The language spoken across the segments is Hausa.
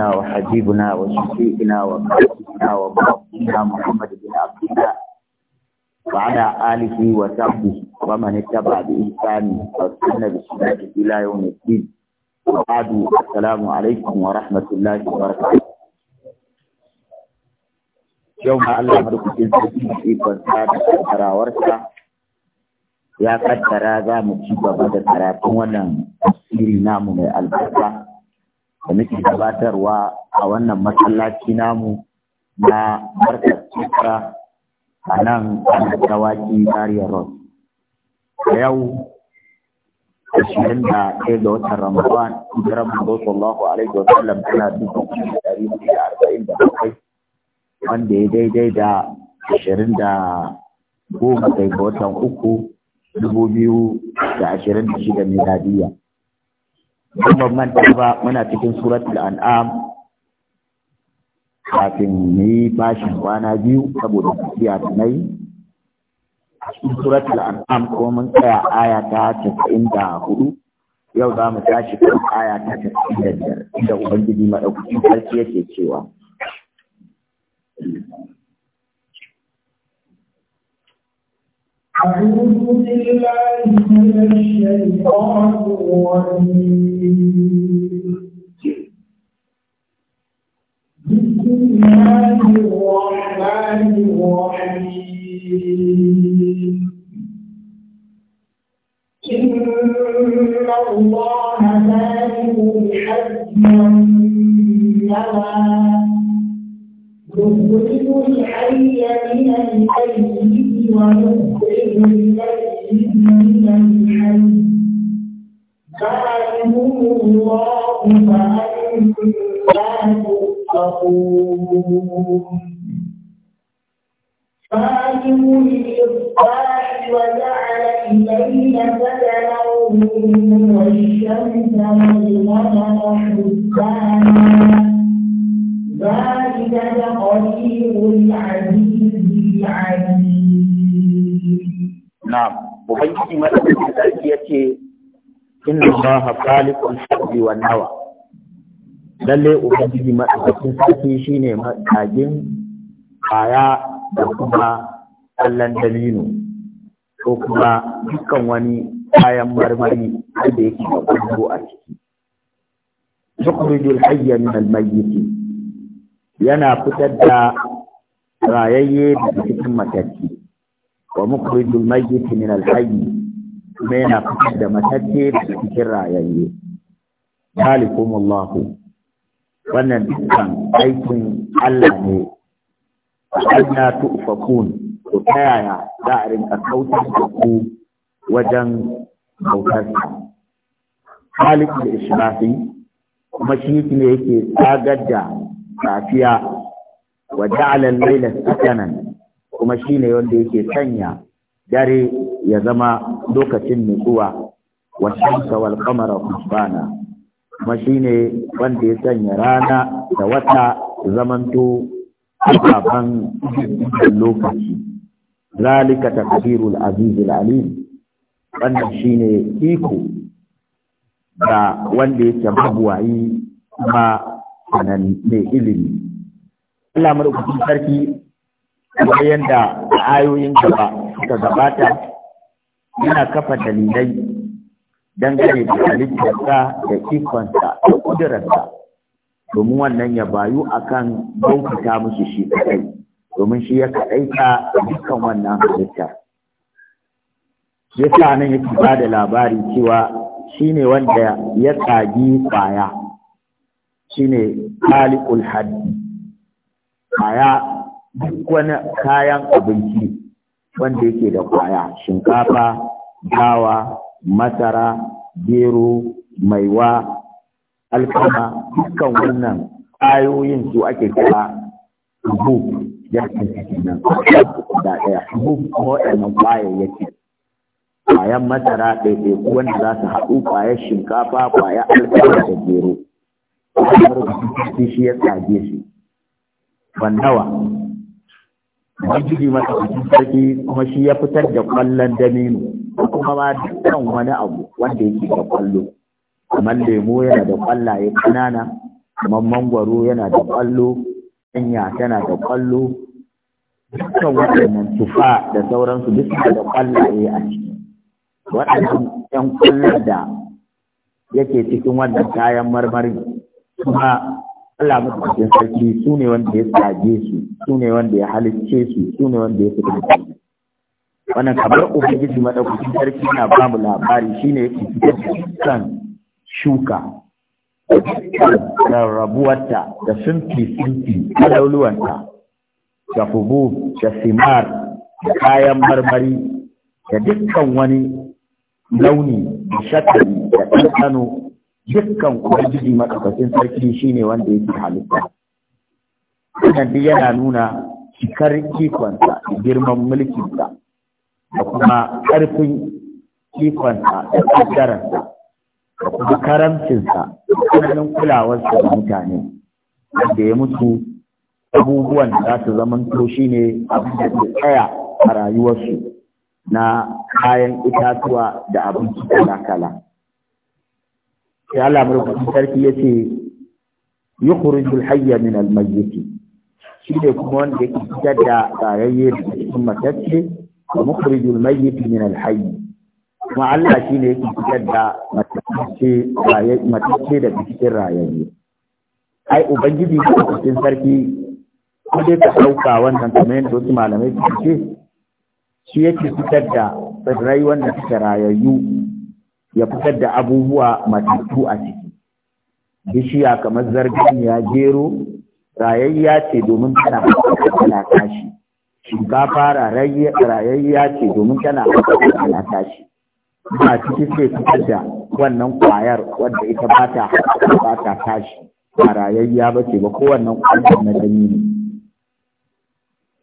وحبيبنا وشفيئنا وقائدنا وبابنا محمد بن عبد الله وعلى آله وصحبه ومن اتبع بإحسان وسنة بسنته إلى يوم الدين وبعد السلام عليكم ورحمة الله وبركاته يوم الله مرحبا في كونسات ورسا يا قد ترى ذا مجيبا بدر ترى كون تفسير من البركة da muke gabatarwa a wannan masallaci namu na barkar cikara a nan a dawaki Zaria Road. A yau, ashirin da ɗaya ga watan Ramadan, hijirar Mabo Sallahu Alaihi wa sallam tana dubu da ɗari da arba'in da bakwai, wanda ya daidai da ashirin da goma ga watan uku dubu biyu da ashirin da shida miladiyya. ban manta ba muna cikin suratul an'am kafin ni bashin kwana biyu saboda tafiya da nai a cikin suratul an'am kuma mun tsaya aya ta huɗu yau za mu tashi kan aya ta 95 inda ubangiji madaukakin sarki yake cewa أعوذ بالله من الشيطان الرجيم بسم الله الرحمن الرحيم إن الله مالك حزما نوى يخرج الحي من الميت ونخرج اليه من الحي ذلكم الله فأنا تتقون فاتم الإصباح وجعل الليل سكنا والشمس والقمر حسبانا ذلك تقدير العزيز العليم na ubangiji madaukakin sarki ya ce inna allaha khaliqul habbi wan nawa lalle ubangiji madaukakin sarki shine madagin kaya da kuma kallon dalino ko kuma dukkan wani kayan marmari da yake da kungo a ciki yukhrijul hayya min al-mayyit yana fitar da rayayye da cikin matacci wa mukhrijul mayyit min al-hayy kuma yana fitar da matacce da cikin rayayye zalikumullahu wannan dukkan aikin Allah ne anna tu'fakun to ta yaya za a rinka kautar da ku wajen bautar Malik da Ishmafi kuma shi ne yake tsagar da safiya wa ja'ala al-layla sakanan kuma shi ne wanda yake sanya dare ya zama lokacin nutsuwa wa shamsa kamara qamara kuma kuma ne wanda ya sanya rana da wata zamanto ababan lokaci zalika takdirul azizul alim wannan shi ne iko ga wanda yake mabuwayi kuma sanan mai ilimi Allah mara sarki kamar yadda ayoyin gaba suka gabata yana kafa dalilai don gane da halittarsa da ikonsa da ƙudurarsa domin wannan ya bayu akan bautata musu shi kaɗai domin shi ya ka dukkan wannan halitta ya nan yake ba da labari cewa shi ne wanda ya tsagi kwaya shi ne kwaya duk wani kayan abinci wanda yake da kwaya shinkafa dawa masara gero maiwa alkama dukkan wannan ayoyin su ake kira abu ya kanci nan da ɗaya ko kuma kwaya kwayayyaki kwayan masara ɗaiɗaiku wanda za su haɗu kwaya shinkafa kwayar alkama da gero kamar shi ya tsage shi ban nawa ubangiji cikin sarki kuma shi ya fitar da kwallon damino kuma ba dukkan wani abu wanda yake da kwallo kamar lemo yana da kwallaye kanana kamar mangwaro yana da kwallo hanya tana da kwallo dukkan waɗannan tufa da sauransu duk da kwallaye a ciki waɗannan ƴan kwallon da yake cikin wannan kayan marmari kuma Allah cikin sarki su ne wanda ya tsage su su ne wanda ya halicce su su ne wanda ya fitar da su wannan kamar ubangiji maɗaukacin sarki na ba mu labari shine yake fitar da kan shuka da rabuwarta da sunfi sunfi kalauluwanta da fubu da simar da kayan marmari da dukkan wani launi da shakari da ɗanɗano dukkan ubangiji makafasin sarki shi ne wanda yake halitta wannan duk yana nuna cikar ikonsa girman mulkinsa da kuma ƙarfin kikonsa da ƙaddararsa da kuma karamcinsa tsananin kulawarsa da mutane wanda ya mutu abubuwan da za su zamanto shi ne abin da ke tsaya a rayuwarsu na kayan itatuwa da abinci kala-kala. sai Allah mulkin sarki yace yukhrijul hayya min al shi ne kuma wanda yake fitar da tsararre daga cikin matacce min kuma Allah shi ne yake fitar da matacce da cikin rayayye ai ubangiji ko cikin sarki ko dai ka dauka wannan kamar yadda wasu malamai suke ce shi yake fitar da tsirrai wanda suke rayayyu ya fitar da abubuwa matattu a ciki bishiya kamar zargin ya gero rayayya ce domin tana tana tashi shinkafa rayayya ce domin tana tana tashi ba ciki sai fitar da wannan kwayar wadda ita ba ta ba ta tashi ba rayayya ba ce ba kowannan kwayar na gani ne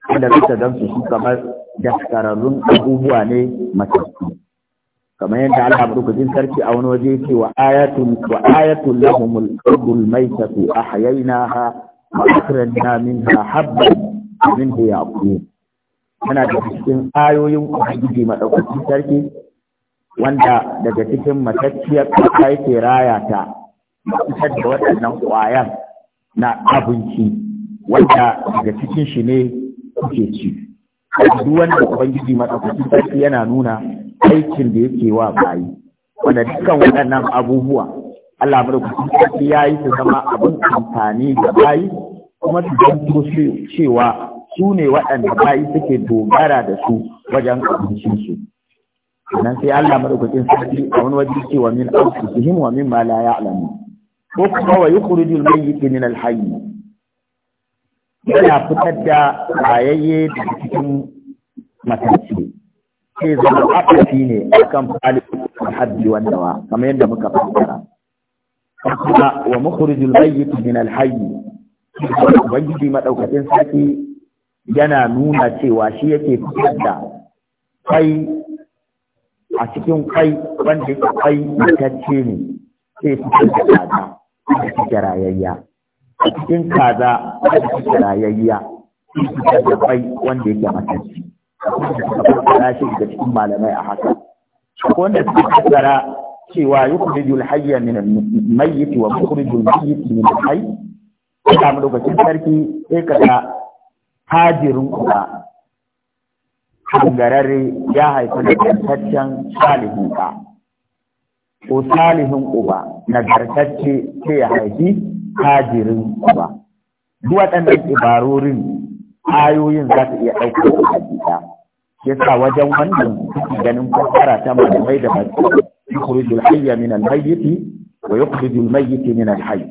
wanda suka dan su kamar daskararrun abubuwa ne matattu kamar yadda Allah madaukakin sarki a wani waje yake wa ayatul wa ayatul lahumul ardul maytatu ahyaynaha wa akhrajna min da ya yaqut yana da cikin ayoyin ubangiji madaukakin sarki wanda daga cikin matacciyar kasa yake raya ta fitar da waɗannan ƙwayan na abinci wanda daga cikin shi ne kuke ci duk ubangiji madaukakin sarki yana nuna aikin da yake wa bayi wanda dukkan waɗannan abubuwa Allah madaukakin ya yi su zama abin amfani da bayi kuma su zanto cewa su ne waɗanda bayi suke dogara da su wajen su nan sai Allah madaukakin sarki a wani waje cewa min anfusihim wa ma la ya'lamu ko kuma wa yukhrijul mayyit min al-hayy yana fitar da rayayye da cikin matashi sai zama akafi ne a kan fa'ali a wannan wa kamar yadda muka fassara kuma wa mukhrijul mayyit min al hayy ubangiji madaukakin sarki yana nuna cewa shi yake fitar da kai a cikin kai wanda yake kai mutacce ne sai fitar da kaza da take rayayya a cikin kaza da take rayayya sai fitar da kai wanda yake matacce da shi daga cikin malamai a haka wanda suka fassara cewa yukhrijul hayya min al-mayyit wa mukhrijul mayyit min al-hayy ka mu lokacin sarki sai kaga hajirin uba hangararre ya haifi da gantaccen salihin ka ko salihin uba nagartacce sai ya haifi hajirin uba duk waɗannan ibarorin ayoyin za ta iya ɗauka da ya sa wajen wannan suke ganin fassara ta malamai da masu yukhrijul hayya min al-mayyit wa yukhrijul mayyit min al-hayy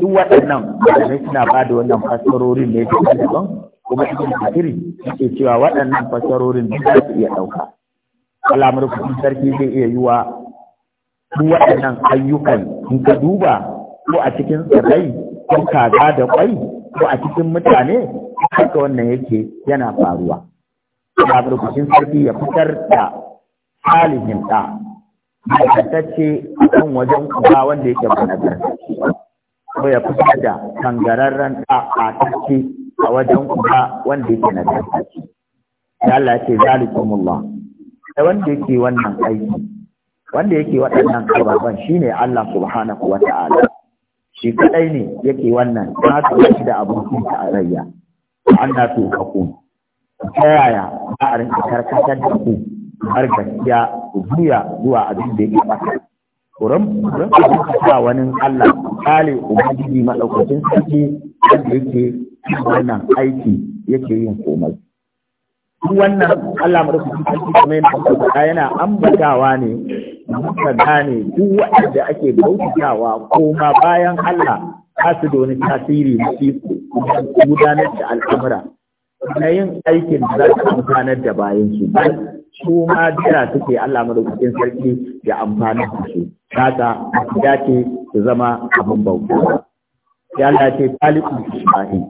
duk waɗannan malamai suna ba da wannan fassarorin ne daban kuma ibn kathir suke cewa waɗannan fassarorin duk za su iya ɗauka kalamar kuɗin sarki zai iya yi wa. duk waɗannan ayyukan in ka duba ko a cikin tsirrai ko kaza da ƙwai, ko a cikin mutane haka wannan yake yana faruwa da burkushin sarki ya fitar da salihin ɗa nagartacce a kan wajen uba wanda yake ba nagartacce ko ya fitar da tangararren ɗa a tacce a wajen uba wanda yake nagartacce da Allah ce zalikumullah da wanda yake wannan aiki wanda yake waɗannan ababen shine Allah subhanahu wa ta'ala shi kadai ne yake wannan na da abokin ta a rayya anna tu hakun ta yaya za a rinka karkatar da ku har gaskiya ku juya zuwa abin da yake fata kuran kuran ku sa wani Allah kale ubangiji madaukakin sarki wanda yake wannan aiki yake yin komai wannan Allah madaukakin sarki kamar yadda yana ambatawa ne muka gane duk wanda ake bautawa ko bayan Allah ba su da tasiri na iko gudanar da al'amura na yin aikin da za su gudanar da bayan su su ma jira suke Allah madaukakin sarki ya amfana da su haka ya ce su zama abin bauta ya Allah ce talikun shahi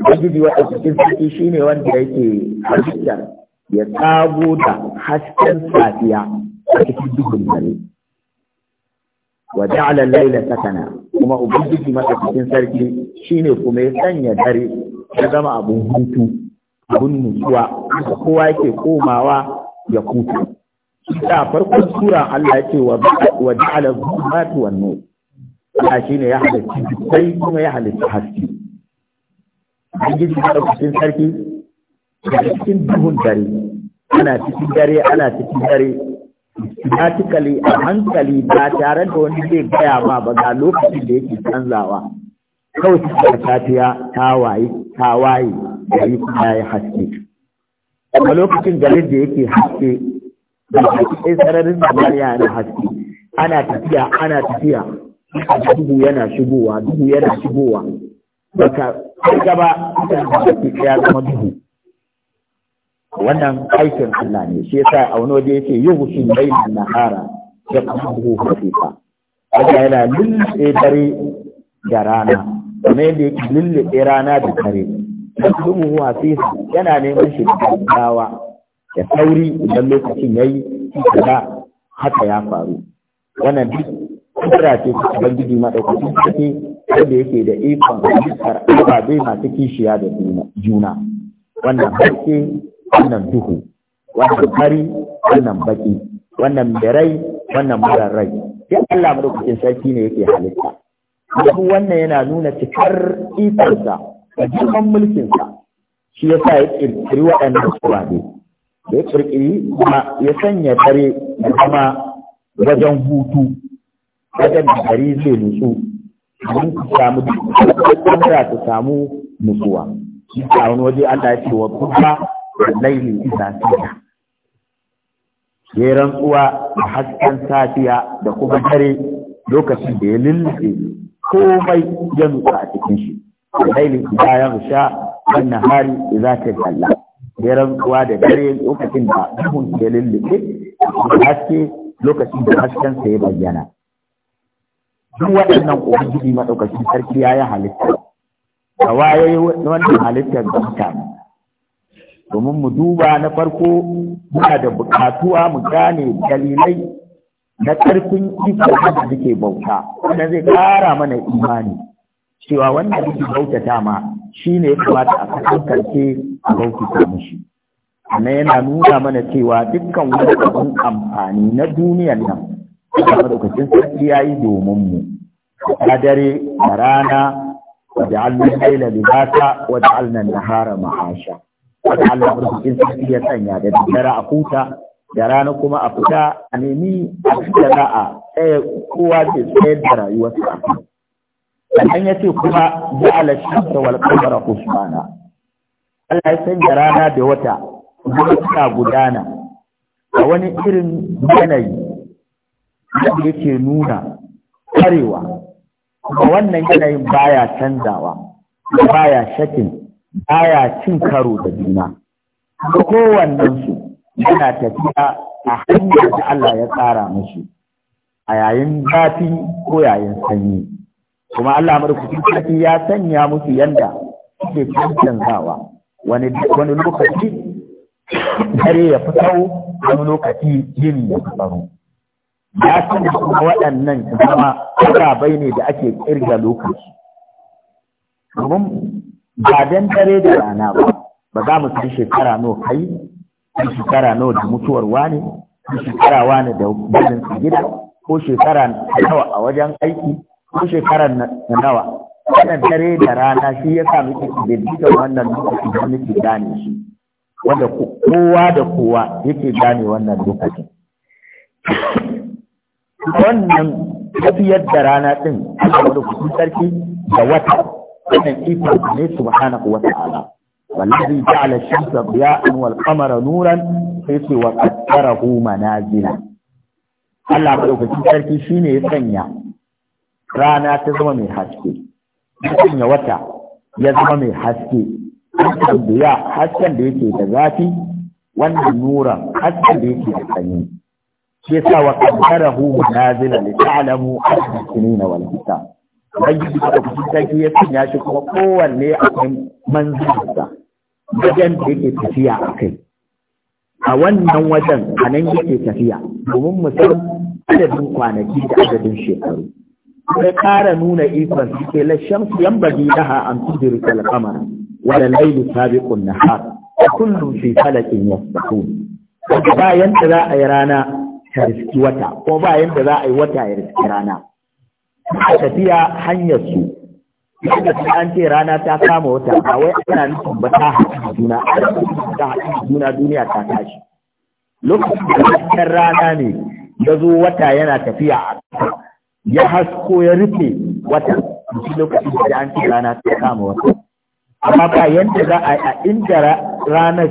Ubangiji wa cikin sarki shine wanda yake halittar ya tsago da hasken safiya a cikin duhun dare. wa ja'ala al layla sakana kuma ubangiji madaukakin sarki shine kuma ya sanya dare ya zama abun hutu abun nutsuwa kowa yake komawa ya kutu. da farkon sura Allah ya ce wa ja'ala al-zulumati wan-nur Allah shine ya halitta sai kuma ya halitta haske ubangiji madaukakin sarki da cikin duhun dare ana cikin dare ana cikin dare automatically a hankali ba tare da wani zai gaya ba ba ga lokacin da yake canzawa kawai da tafiya ta waye ta waye yi kuma ya haske a lokacin garin da yake haske da haske sararin ya yana haske ana tafiya ana tafiya duhu yana shigowa duhu yana shigowa baka gaba ya zama duhu wannan aikin Allah ne shi yasa a wani waje yake bai bayna nahara ya qamuhu hafifa Allah yana lulle dare da rana kuma yadda yake lulle rana da dare yaqdumu hafifa yana neman shi dawa da sauri idan lokacin yayi kuma haka ya faru wannan duk kudura ce ta ubangiji madaukakin sarki wanda yake da ikon ba ababe masu kishiya da juna wannan haske wannan duhu wannan fari wannan baki wannan mai rai wannan mara rai ya Allah madaukakin sarki ne yake halitta duk wannan yana nuna cikar ikonsa da girman sa. shi yasa ya kirkiri waɗannan turabe da ya kirkiri kuma ya sanya dare da zama wajen hutu wajen da gari zai nutsu domin ku samu kamar su samu nutsuwa shi a wani waje Allah ya ce wa kuma wallahi isa saja ya rantsuwa a hasken safiya da kuma dare lokacin da ya lullufe komai ya nutsa a cikin shi wallahi idza hari wan za ta tajalla ya rantsuwa da dare lokacin da duhun ya lullufe haske lokacin da hasken sa ya bayyana duk waɗannan ubangiji madaukakin sarki ya yi halitta da waye wannan halittar da mutane domin mu duba na farko muna da bukatuwa mu gane dalilai na ƙarfin iko da suke bauta wanda zai ƙara mana imani cewa wanda bauta bautata ma shi ne ya kamata a kasantarce a ta mishi amma yana nuna mana cewa dukkan wani abin amfani na duniyan nan a lokacin sarki ya yi domin mu a dare da rana wajen almin laila libasa wajen almin nahara ma'asha wanda Allah burkukin sarki ya sanya da daddare a huta da rana kuma a fita a nemi a fita a tsaye kowa ke tsayar da rayuwarsa sannan ya ce kuma ja'ala shamsa wal qamara husbana Allah ya sanya rana da wata kuma suna gudana a wani irin yanayi da yake nuna kwarewa kuma wannan yanayin baya canzawa baya shakin baya cin karo da juna kowannen su yana tafiya a hanyar da Allah ya tsara mashi a yayin zafi ko yayin sanyi kuma Allah madaukakin sarki ya sanya musu yanda suke cancanzawa wani wani lokaci dare ya fito wani lokaci yin ya tsaro. ya sanya kuma waɗannan zama ababai ne da ake kirga lokaci domin ba don dare da rana ba ba za mu san shekara nawa kai ko shekara nawa da mutuwar wani ko shekara wani da barin su gida ko shekara nawa a wajen aiki ko shekara nawa wannan dare da rana shi ya sa muke bincika wannan lokaci da muke gane shi wanda kowa da kowa yake gane wannan lokacin wannan tafiyar da rana din wani kusan sarki da wata wannan ikon ne subhanahu wa ta'ala wallazi ja'ala shamsa diya'an wal qamara nuran sai ce wa qaddarahu manazila Allah madaukakin sarki shine ya sanya rana ta zama mai haske ya sanya wata ya zama mai haske hasken da ya hasken da yake da zafi wannan nuran hasken da yake da sanyi shi yasa wa qaddarahu manazila li ta'lamu adad sinina wal hisab ubangiji da kusan sarki ya sanya shi kuma kowanne kan manzansa wajen da yake tafiya a kai a wannan wajen a nan yake tafiya domin mu san adadin kwanaki da adadin shekaru sai ƙara nuna ikon suke lashen su yan bagi daha an tudiru kalkamar wadda lailu sabiqun nahar a kullum fi falakin yasbahun bayan da za a yi rana ta riski wata ko bayan da za a yi wata ya riski rana tafiya hanyar su yadda su an ce rana ta kama wata a wai ana nufin ba ta haɗin juna ta haɗin juna duniya ta tashi lokacin da hasken rana ne ya zo wata yana tafiya a ya hasko ya rufe wata shi lokacin da an ce rana ta kama wata amma ba yadda za a a inda ranar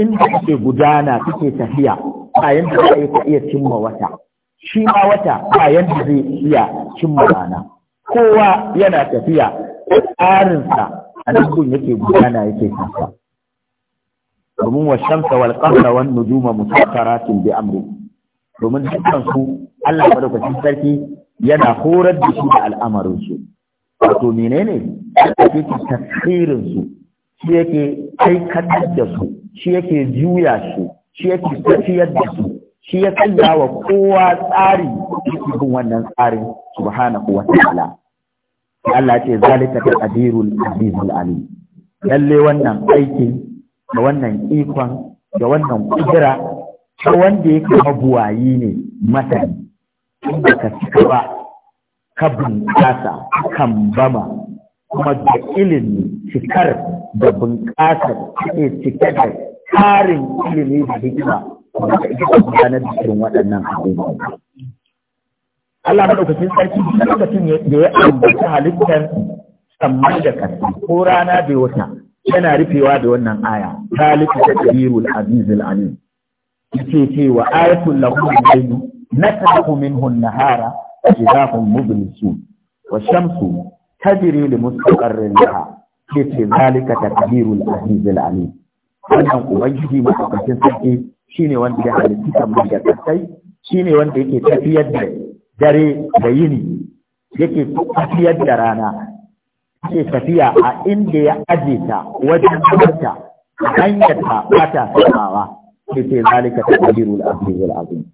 inda take gudana take tafiya ba yadda za a iya cimma wata shi ma wata ba yadda zai iya cimma rana kowa yana tafiya tsarinsa a nan yake gudana yake kasa domin wa shamsa wal qamara wan nujuma musakharatin bi amri domin dukkan su Allah madaukakin sarki yana horar da shi da al'amarin su wato menene yake tasirin su shi yake kai kaddar da su shi yake juya su shi yake tafiyar da su shi ya sanya wa kowa tsari yake bin wannan tsarin subhanahu wa ta'ala Allah ce zalika taqdirul azizul alim lalle wannan aikin da wannan ikon da wannan kudura ta wanda yake mabuwayi ne mata inda ka cika ba ka bunƙasa kan bama kuma da ilimi cikar da bunƙasa ne cike da tsarin ilimi da hikima kuma ita ta gudanar da irin waɗannan abubuwa Allah madaukakin sarki lokacin da ya ambaci halittar sammai da ƙasa ko rana da wata yana rufewa da wannan aya zalika tadbirul azizul alim yace ce wa ayatul lahum al-layl nasakhu minhu an-nahara idha mublisun wa shamsu tajri li mustaqarrin laha yace zalika tadbirul azizul alim wannan ubangiji maɗaukakin sarki ne wanda ya halitta sammai da shi ne wanda yake tafiyar da dare da yini yake tafiyar da rana yake tafiya a inda ya aje ta wajen kamarta hanyar ta ba ta samawa sai ce zalika da aziz wa azim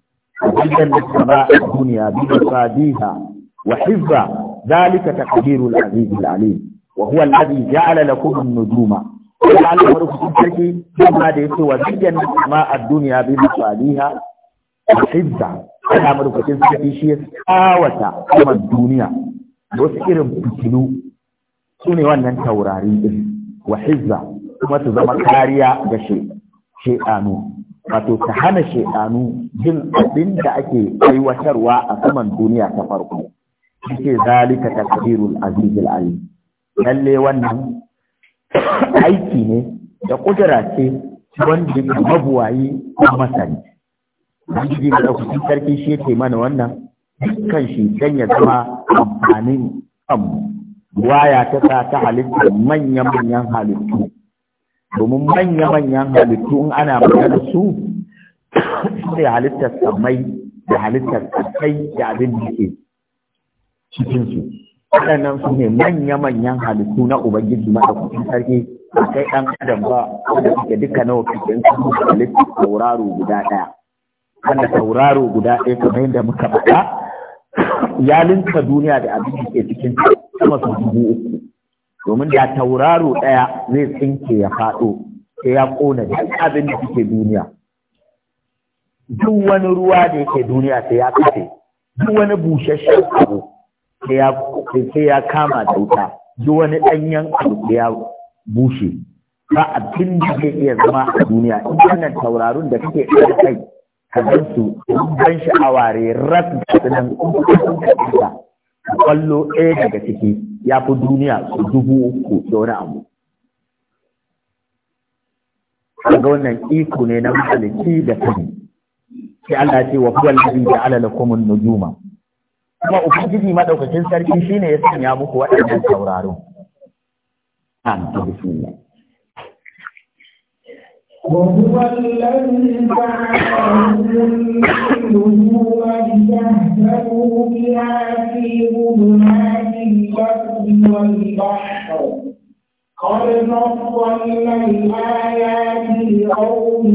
وجدنا السماء الدنيا بمصابيها وحفظا ذلك تقدير العزيز العليم وهو الذي جعل لكم النجوم da Allah wani kusur sarki dama da yake wa zayyan ma a duniya bi masaliha hizza Allah wani kusur sarki shi ya tsawata kuma duniya wasu irin fitilu sune wannan taurari din wa hizza kuma su zama kariya ga shedanu wato ta hana shedanu jin abin da ake aiwatarwa a saman duniya ta farko shi zalika takdirul azizul alim lalle wannan aiki ne da kudura ce wanda ga mabuwayi a masani ubangiji da ɗaukacin sarki shi yake mana wannan dukkan shi dan ya zama amfanin kanmu waya ta sa ta halittu manya-manyan halittu domin manya-manyan halittu in ana magana su su ne halittar samai da halittar kasai da abin da ke cikinsu waɗannan su ne manya-manyan halittu na ubangiji maɗaukakin sarki a kai ɗan adam ba wanda suke duka nawa cikin da halittu tauraro guda ɗaya wanda tauraro guda ɗaya kamar yadda muka faɗa ya linka duniya da abin da ke cikin sama su dubu uku domin da tauraro ɗaya zai tsinke ya faɗo sai ya ƙona duk abin da suke duniya duk wani ruwa da yake duniya sai ya kafe duk wani busasshen abu sai ya kama da wuta duk wani ɗanyen abu ya bushe ba a abin da zai iya zama a duniya in wannan taurarin da kake ɗan kai ka zan su ban sha'awa re ras da su nan kwallo ɗaya daga ciki ya fi duniya su dubu uku da wani abu kaga wannan iko ne na mahaliki da sani sai Allah ce wa huwa allazi ja'ala lakum an-nujuma kuma ubangiji madaukakin sarki shine ya sanya muku waɗannan sauraro an ta bismillah وهو الذي بها في ظلمات قد فصلنا الآيات لقوم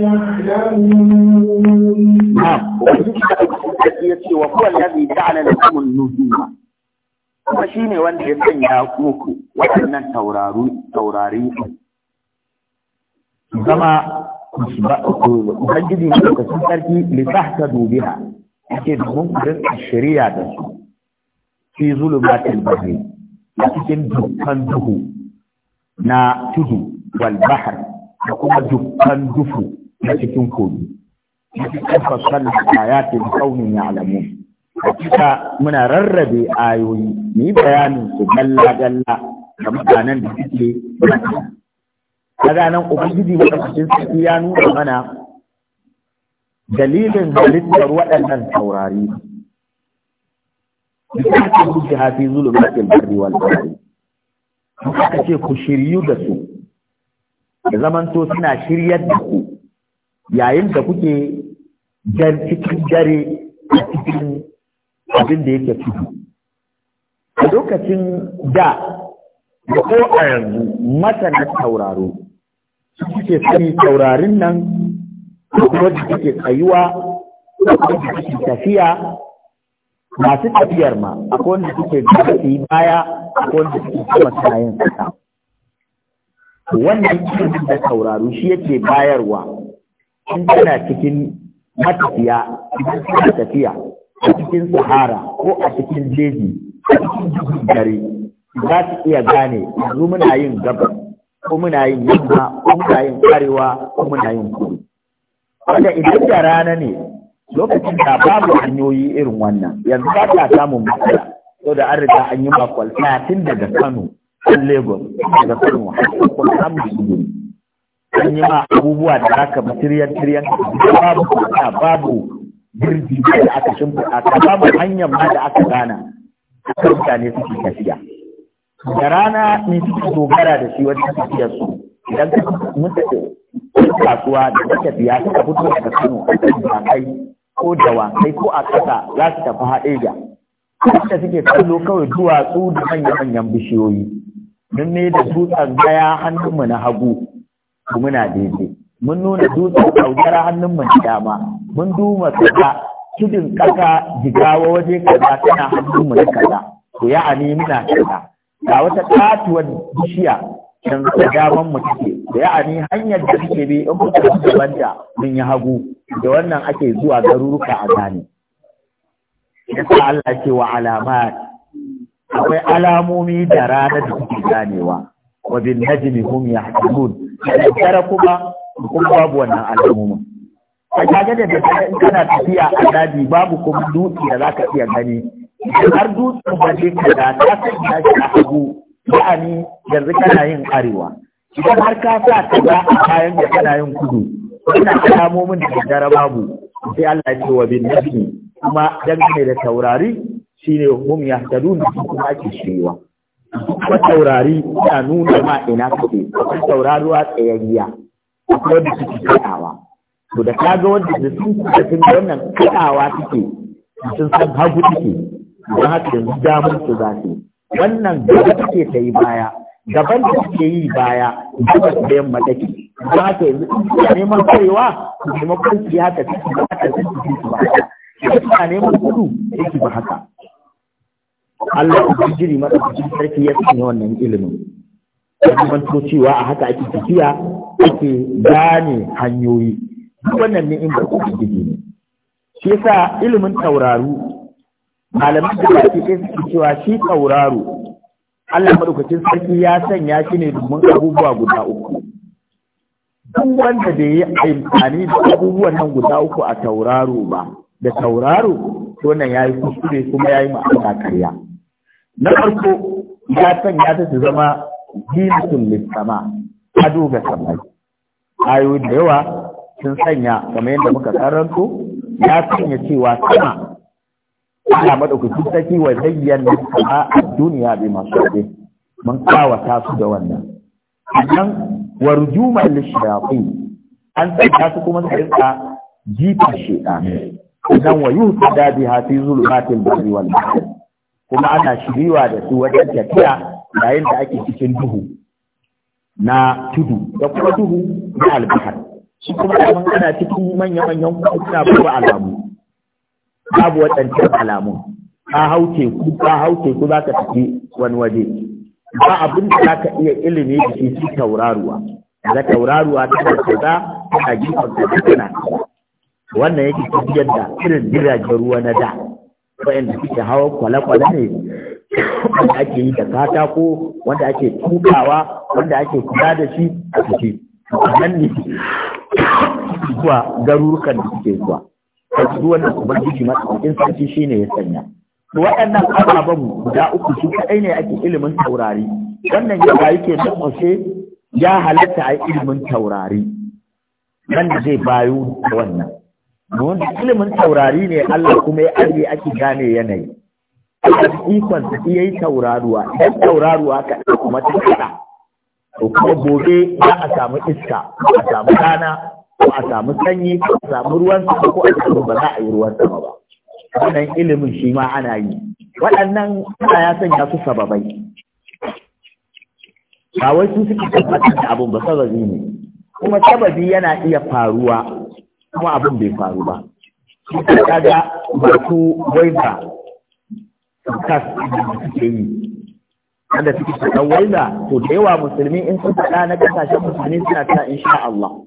يعلمون نعم وهو الذي جعل لكم النجوم kuma shi ne wanda ya sanya muku waɗannan taurari zama ubangiji ne daga sun sarki lissahta dubiha yake domin ku rinka da su yi zulumatin bahri a cikin dukkan duhu na tudu walbahar, da kuma dukkan duhu na cikin kogi na cikin fassal ayatin kaunin ya alamu hakika muna rarrabe ayoyi ni bayanin su galla-galla ga mutanen da suke kaga nan ubangiji madaukakin sarki ya nuna mana dalilin halittar waɗannan taurari Duka ku shi hafi zulumatil barri wal bahri. ka ce ku shiryu da su. Ya zamanto suna shiryar da ku yayin da kuke jan cikin dare a cikin abin da yake fito. A lokacin da da ko a yanzu masana tauraro suke sani taurarin nan da kuma da suke tsayuwa da kuma da suke tafiya masu tafiyar ma akwai wanda suke gaba su yi baya akwai wanda suke kuma suna yin kasa wannan yin da sauraro shi yake bayarwa in tana cikin matafiya idan suna tafiya a cikin sahara ko a cikin jeji a cikin jihun dare za su iya gane yanzu muna yin gabas ko muna yin yamma ko muna yin arewa ko muna yin kudu wanda idan da rana ne lokacin da babu hanyoyi irin wannan yanzu ba ta samun matsala so da an riga an yi makwal tun daga kano kan lagos daga kano kuma an bi an yi ma abubuwa da aka ba, tiriyar tiryan babu babu jirgi da aka shimfiɗa ka babu hanyar ma da aka gana kan mutane suke tafiya da rana ne suke dogara da shi wajen tafiyar su idan ka mutu kasuwa da tafiya suka fito daga kano a kan ko dawa sai ko a ƙasa za su tafi haɗeja da suke kallo kawai duwatsu da manya-manyan bishiyoyi mun ne da dutsen gaya hannunmu na hagu muna daidai mun nuna dutsen hannun hannunmu na dama mun duma kaka cikin ƙasa jigawa waje kaza tana hannunmu na kaza ku ya'ani muna kaza ga wata katuwar bishiya yanzu da daman mu take da ya'ani hanyar da take bi in muka da banda mun yi hagu da wannan ake zuwa garuruka a gane sa Allah ce wa alamat akwai alamomi da rana da suke ganewa wa bin najmi hum yahtadun da tara kuma kuma babu wannan alamomin a kaga da in kana tafiya a daji babu kuma dutse da zaka iya gani har dutse ba dai ta sanya shi a hagu la'ani yanzu kana yin arewa idan har ka sa ka za a bayan da kana yin kudu ina min da gara babu sai Allah ya ce wa bin nafi kuma dangane da taurari shine hum yahtadun kuma ake shiriwa kuma taurari ya nuna ma ina kake akwai wa tsayayya akwai wanda suke kaɗawa to da ka ga wanda da sun kuka sun wannan kaɗawa suke sun san hagu suke don haka yanzu damar su za su wannan gaba take ta yi baya gaban da take yi baya gaba da yan madaki za ta yi neman karewa maimakon ki haka ciki ba haka ciki ciki ba haka ina neman kudu ciki ba haka Allah ya jiri maka cikin sarki ya sanya wannan ilimin ya to cewa a haka ake tafiya ake gane hanyoyi duk wannan ni'imar ubangiji ne shi yasa ilimin tauraru malaman da baki ɗaya cewa shi tauraro Allah madaukakin sarki ya sanya shi ne domin abubuwa guda uku duk wanda da yi amfani da abubuwan nan guda uku a tauraro ba da tauraro to nan yayi kuskure kuma yayi ma'ana karya na farko ya sanya ta su zama jinsun lissama ado ga samai ayoyi da yawa sun sanya kamar yadda muka karanto ya sanya cewa sama Allah madaukaki sarki wa zayyana a duniya bi masu abe mun kawata su da wannan sannan wa rujuman lishayatin an tsaka su kuma su rinka jifa shedani sannan wa yuhtada biha fi zulumatil barri wal kuma ana shiriwa da su wajen tafiya yayin da ake cikin duhu na tudu da kuma duhu na albahar shi kuma ana cikin manya-manyan kuma suna alamu babu waɗancan alamu. ka hau ku ka teku za ka tafi wani waje ba abin da za ka iya ilimi da shi ci tauraruwa ga tauraruwa da tana kaza tana gefen kaza tana wannan yake tafiyar da irin jiragen ruwa na da wa'anda suke hawa kwale-kwale ne wanda ake yi da katako wanda ake tukawa wanda ake kula da shi a ciki nan ne zuwa garurukan da suke zuwa kasu wannan ubangiji matsakin sarki shi ne ya sanya waɗannan ababen guda uku su kaɗai ne ake ilimin taurari wannan ya yadda yake nan ƙarshe ya halatta a ilimin taurari nan da zai bayu da wannan domin ilimin taurari ne Allah kuma ya ajiye ake gane yanayi Allah ikon sa iya yi tauraruwa ɗan tauraruwa ka kuma ta kaɗa to kuma gobe za a samu iska a samu rana ko a samu sanyi ko a samu ruwan sama ko a samu ba za a yi ruwan sama ba wannan ilimin shi ma ana yi waɗannan ana ya sanya su sababai ba wai su suke tabbatar da abin ba sababi ne kuma sababi yana iya faruwa kuma abin bai faru ba kaga masu waiza kas suke yi wanda suke faɗan waiza to da yawa musulmi in sun faɗa na ƙasashen musulmi suna ta insha Allah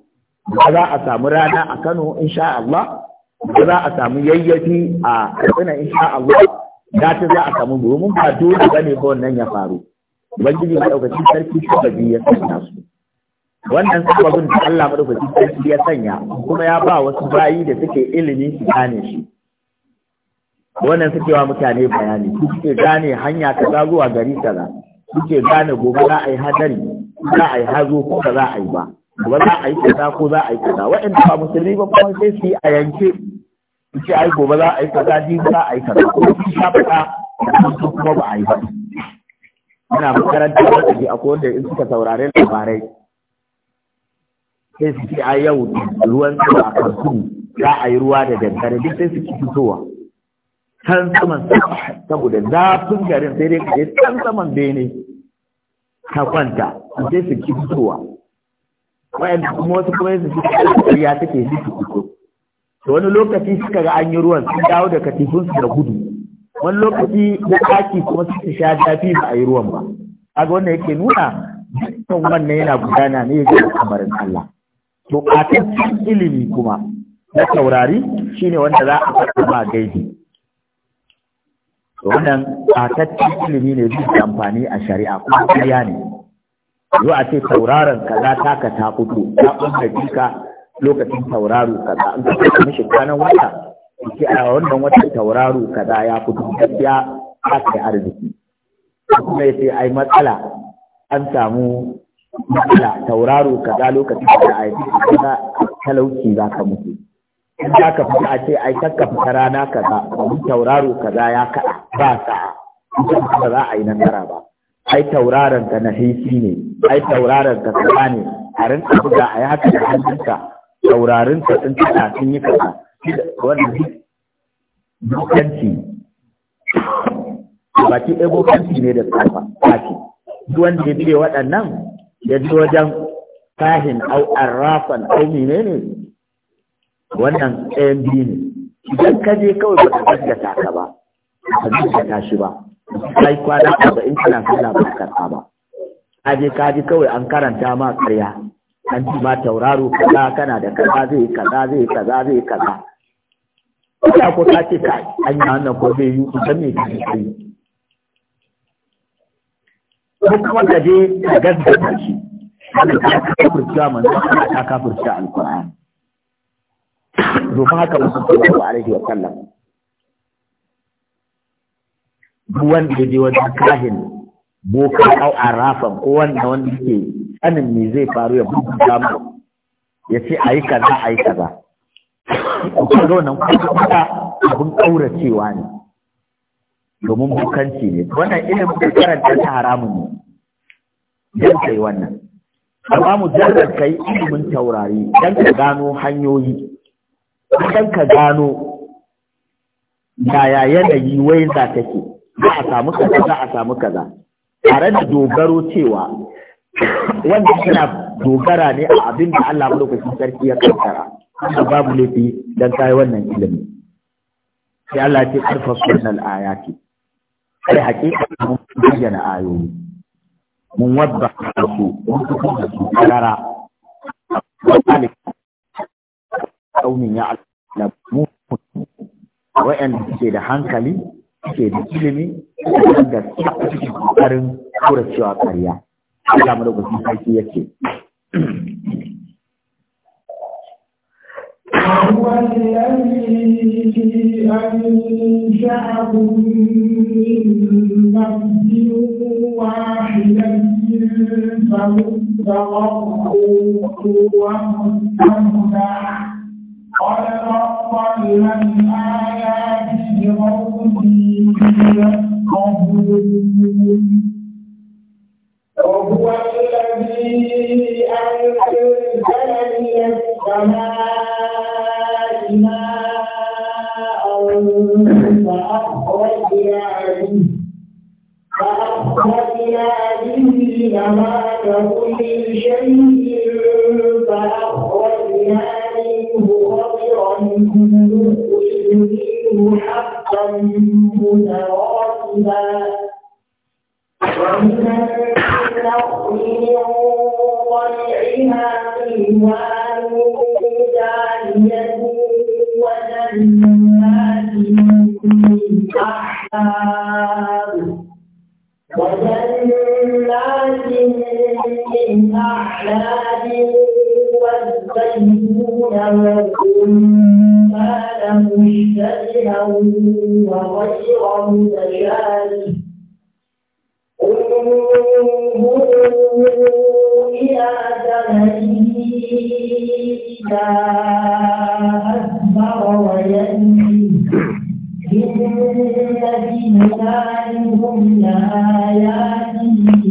ba za a samu rana a Kano insha Allah ba za a samu yayyafi a in insha Allah da ta za a samu domin ba dole bane ko wannan ya faru ubangiji ya cikin sarki gaji ya sanya su wannan sababin da Allah madaukaki sarki ya sanya kuma ya ba wasu bayi da suke ilimi su gane shi wannan suke wa mutane bayani su suke gane hanya za zuwa gari kaza suke gane gobe za a yi hadari za a yi hazo ko ba za a yi ba ba za a yi kaza ko za a yi kaza waɗanda ba musulmi ba kuma sai su yi a yanke su ce ai gobe za a yi kaza ji za a yi kaza ko su sha faɗa su kuma ba a yi ba muna makaranta ji a akwai wanda in suka saurare labarai sai su ce a yau ruwan sama a karkun za a yi ruwa da dankare duk sai su ki fitowa can saman saboda zafin garin sai dai kaje can saman bene ta kwanta sai su ki fitowa wayanda kuma wasu kuma yanzu suka ya take yi su fito Da wani lokaci suka ga an ruwan sun dawo da su da gudu wani lokaci na ɗaki kuma suka sha dafi ba a yi ruwan ba ga wannan yake nuna dukkan wannan yana gudana ne ga kamarin Allah to a ilimi kuma na taurari shine wanda za a faɗa ma gaibi wannan a ilimi ne zai amfani a shari'a kuma kariya ne zuwa a ce tauraron kaza taka ta fito ta ɓangaji jika lokacin tauraro kaza an ka kuma mishi kwanan wata ce a wannan wata tauraro kaza ya fito gaskiya ta yi arziki kuma ya ce ai matsala an samu matsala tauraro kaza lokacin da a yi kaza talauci za ka mutu in za ka fita a ce ai kakka fita rana kaza domin tauraro kaza ya kaɗa ba sa'a ba za a yi nasara ba ai tauraron ka na hisi ne ai tauraron ka kaba ne a rinka buga a haka da hannunka taurarin ka sun kada sun yi kaza wannan dokanci dukanci baki ɗaya bokanci ne da tsafa baki duk wanda ya ce waɗannan ya ji wajen kahin au arrafan au menene wannan ɗayan biyu ne idan ka je kawai ba ka ka ba ka gaskata shi ba kai kwana in kana kana ba karɓa ba aje ka ji kawai an karanta ma ƙarya an ji ma tauraro kaza kana da kaza zai kaza zai kaza zai kaza ita ko ta ce kai an yi wannan ko zai yi kusan me ka yi ko kuma ka je ka gaggata shi wannan ta kafirta manzo Allah ta kafirta alqur'ani domin haka musulmi sallallahu alaihi wa sallam duk wanda je wani kahin boka au arafan ko wanda wanda yake sanin me zai faru ya buɗe dama ya ce a yi kaza a yi kaza kuma ga wannan kwata abin ƙauracewa ne domin bukanci ne wannan ilimin da karanta ta haramun ne Zan kai wannan amma mu jarrar kai ilimin taurari dan ka gano hanyoyi dan ka gano yaya yanayi wai za take za a samu kaza za a samu kaza tare da dogaro cewa wanda suna dogara ne a abin da Allah lokacin sarki ya kankara da babu laifi dan kai wannan ilimi sai Allah ce karfa sunan ayati sai hakika mun bayyana ayoyi mun wadda su mun kuma su karara wadalik kaumin ya alamu wa'anda ke da hankali ke da ilimi da cikin ƙoƙarin kura cewa ƙarya Allah madaukakin sarki yake هو الذي أنشأكم من نفس واحدة فمستقر وضحها من آياته قوم يفقهون وهو الذي أنزل من السماء ماء فأخرجنا به فأخرجنا به نبات كل شيء حقا متواصلا ومن النخل والعنب والوان دانية وجنات من أحباب وجنات من أحلام والزيتون والكل ما له شبها وغير متشابه انظروا إلى ثمنه إذا أثمر وينفذ إن في ذلكم لآيات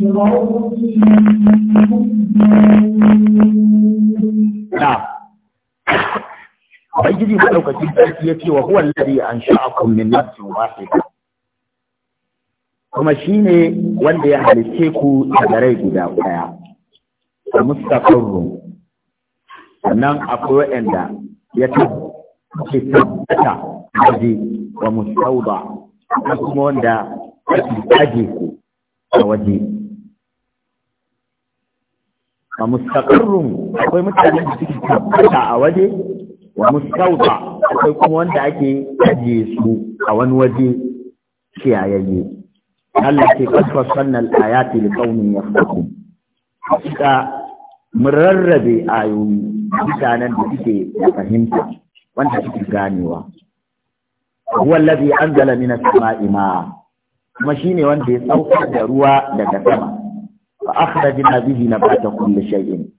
لقوم يؤمنون ubangiji madaukakin sarki ya ce wa huwa alladhi ansha'akum min nafsin wahida kuma shine wanda ya halitte ku daga rai guda daya da mustaqarru sannan akwai wa'anda ya ce tabbata waje wa mustauda kuma wanda ake aje ku a waje a mustaqarrun akwai mutane da suke tabbata a waje wa mustauda akwai kuma wanda ake ajiye su a wani waje kiyayayye Allah ke fasfasan al-ayati li qaumin yafqahun rarrabe murarrabe ayoyi mutanen da suke fahimta wanda suke ganewa ruwan ladi anzala min na samai ima. kuma shine wanda ya saukar da ruwa daga sama fa akhrajna bihi nabata kulle shay'in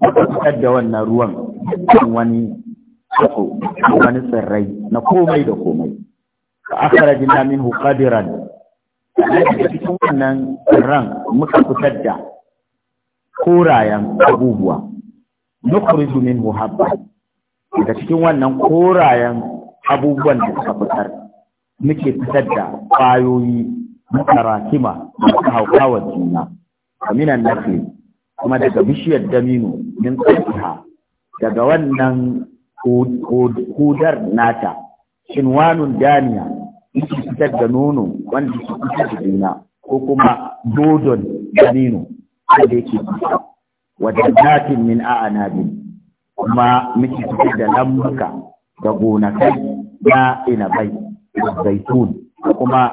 muka fitar da wannan ruwan kan wani ko wani tsirrai na komai da komai Ka fa akhrajna minhu qadiran daga cikin wannan tsirran muka fitar da korayen abubuwa nukhriju minhu haɓɓa. daga cikin wannan korayen abubuwan da suka fitar muke fitar da ƙwayoyi mutarakima da haukawa juna minan nafi kuma daga bishiyar damino min tsakiya daga wannan hudar nata shinwanun daniya yake fitar da nono wanda ke fitar da juna ko kuma dodon danino wanda yake fitar wa jannatin min anabin kuma muke fitar da lambuka da gonakai na inabai da zaitun ko kuma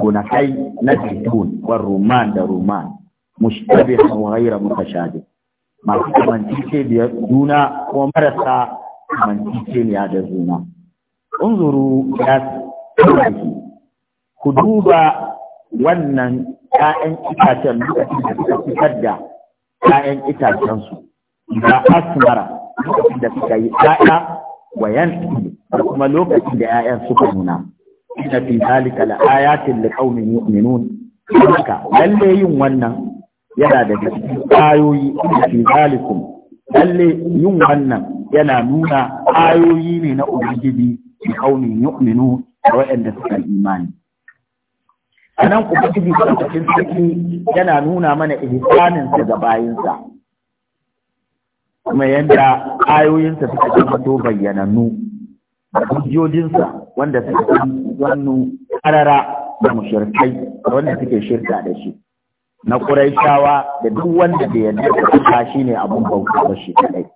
gonakai na zaitun wa roman da roman mushtabihan wa ghayra mutashabih masu kamanci ce biyar juna ko marasa kamanciceniya da juna unzuru ya tsarki ku duba wannan ‘ya'yan itacen lokacin da suka fitar da ‘ya'yan itacensu da asmara lokacin da suka yi ‘ya'ya wa yanki da kuma lokacin da ‘ya'yan suka nuna inna fi zalika la'ayatin liqaumin yu'minun haka lalle yin wannan yana da cikin ayoyi inna fi lalle yin wannan yana nuna ayoyi ne na ubangiji da kaunin yu'minu da waɗanda suka imani a nan ubangiji cikin sarki yana nuna mana ihsaninsa ga bayinsa kuma yadda ayoyinsa suka tabbato bayyanannu hujjojinsa wanda suka zannu karara da mushirkai wanda suke shirka da shi na ƙuraishawa da duk wanda da yadda da shi ne abin bauta ba shi kadai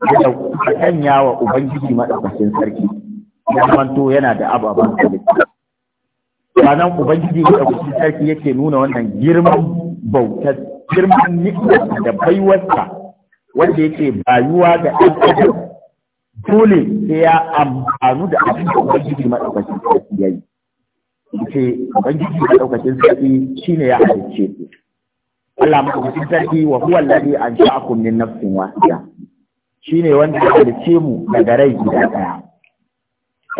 da sanya wa ubangiji maɗaukacin sarki ya manto yana da ababen halitta Sannan ubangiji madaukakin sarki yake nuna wannan girman bautar girman ni'ima da baiwarsa wanda yake bayuwa da ɗan dole sai ya amfanu da abin da ubangiji maɗaukacin sarki ya yi ce ubangiji madaukakin sarki shi ne ya halicce ku Allah madaukakin sarki wa huwa alladhi ansha'akum min nafsin wahida Shi ne wanda ya halice mu daga rai guda ɗaya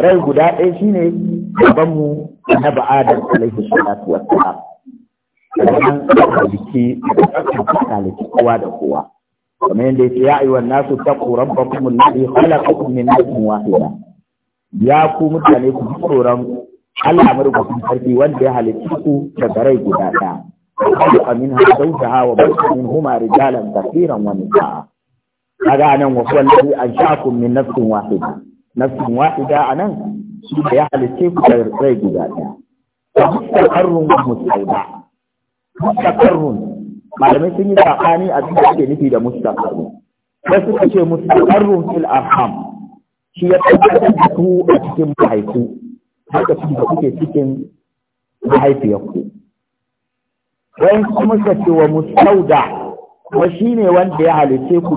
rai guda ɗaya shine babanmu na ba'adar alaihi salatu wassalam sannan halice halice kowa da kowa kamar yadda ya ce ya ayyuhan nasu taqu rabbakum alladhi khalaqakum min nafsin wahida ya ku mutane ku tsoron Allah marubucin sarki wanda ya halitta ku daga rai guda ɗaya. Kuma min ha da hawa basu min huma rijalan kafiran wani sa'a. kaga anan wa kullu an sha'akum min nafsin wahida nafsin wahida anan shi da ya halice ku da rai guda ɗaya wa mustaqarrun wa mustauda mustaqarrun malamai sun yi tsakani a cikin ake nufi da mustaqarrun sai suka ce mustaqarrun fil arham shi ya tabbatar da ku a cikin mahaifu haka shi da kuke cikin mahaifiyarku wayan kuma suka ce wa mustauda kuma shi ne wanda ya halice ku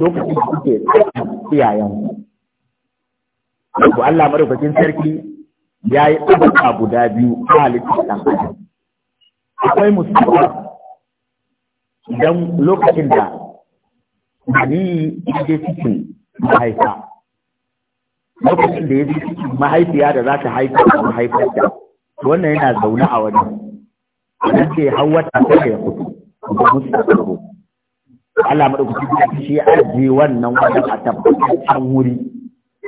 lokacin da kuke iyayenku. ku Allah madaukakin sarki ya yi ɗabuka guda biyu a halittar ɗan adam akwai musamman idan lokacin da maniyi ya je cikin mahaifa lokacin da ya je cikin mahaifiya da za ta haifa da mahaifarta wannan yana zaune a wani idan ke hau wata sai ya fito ba musu Allah madaukakin shi ya ajiye wannan wajen a tabbataccen wuri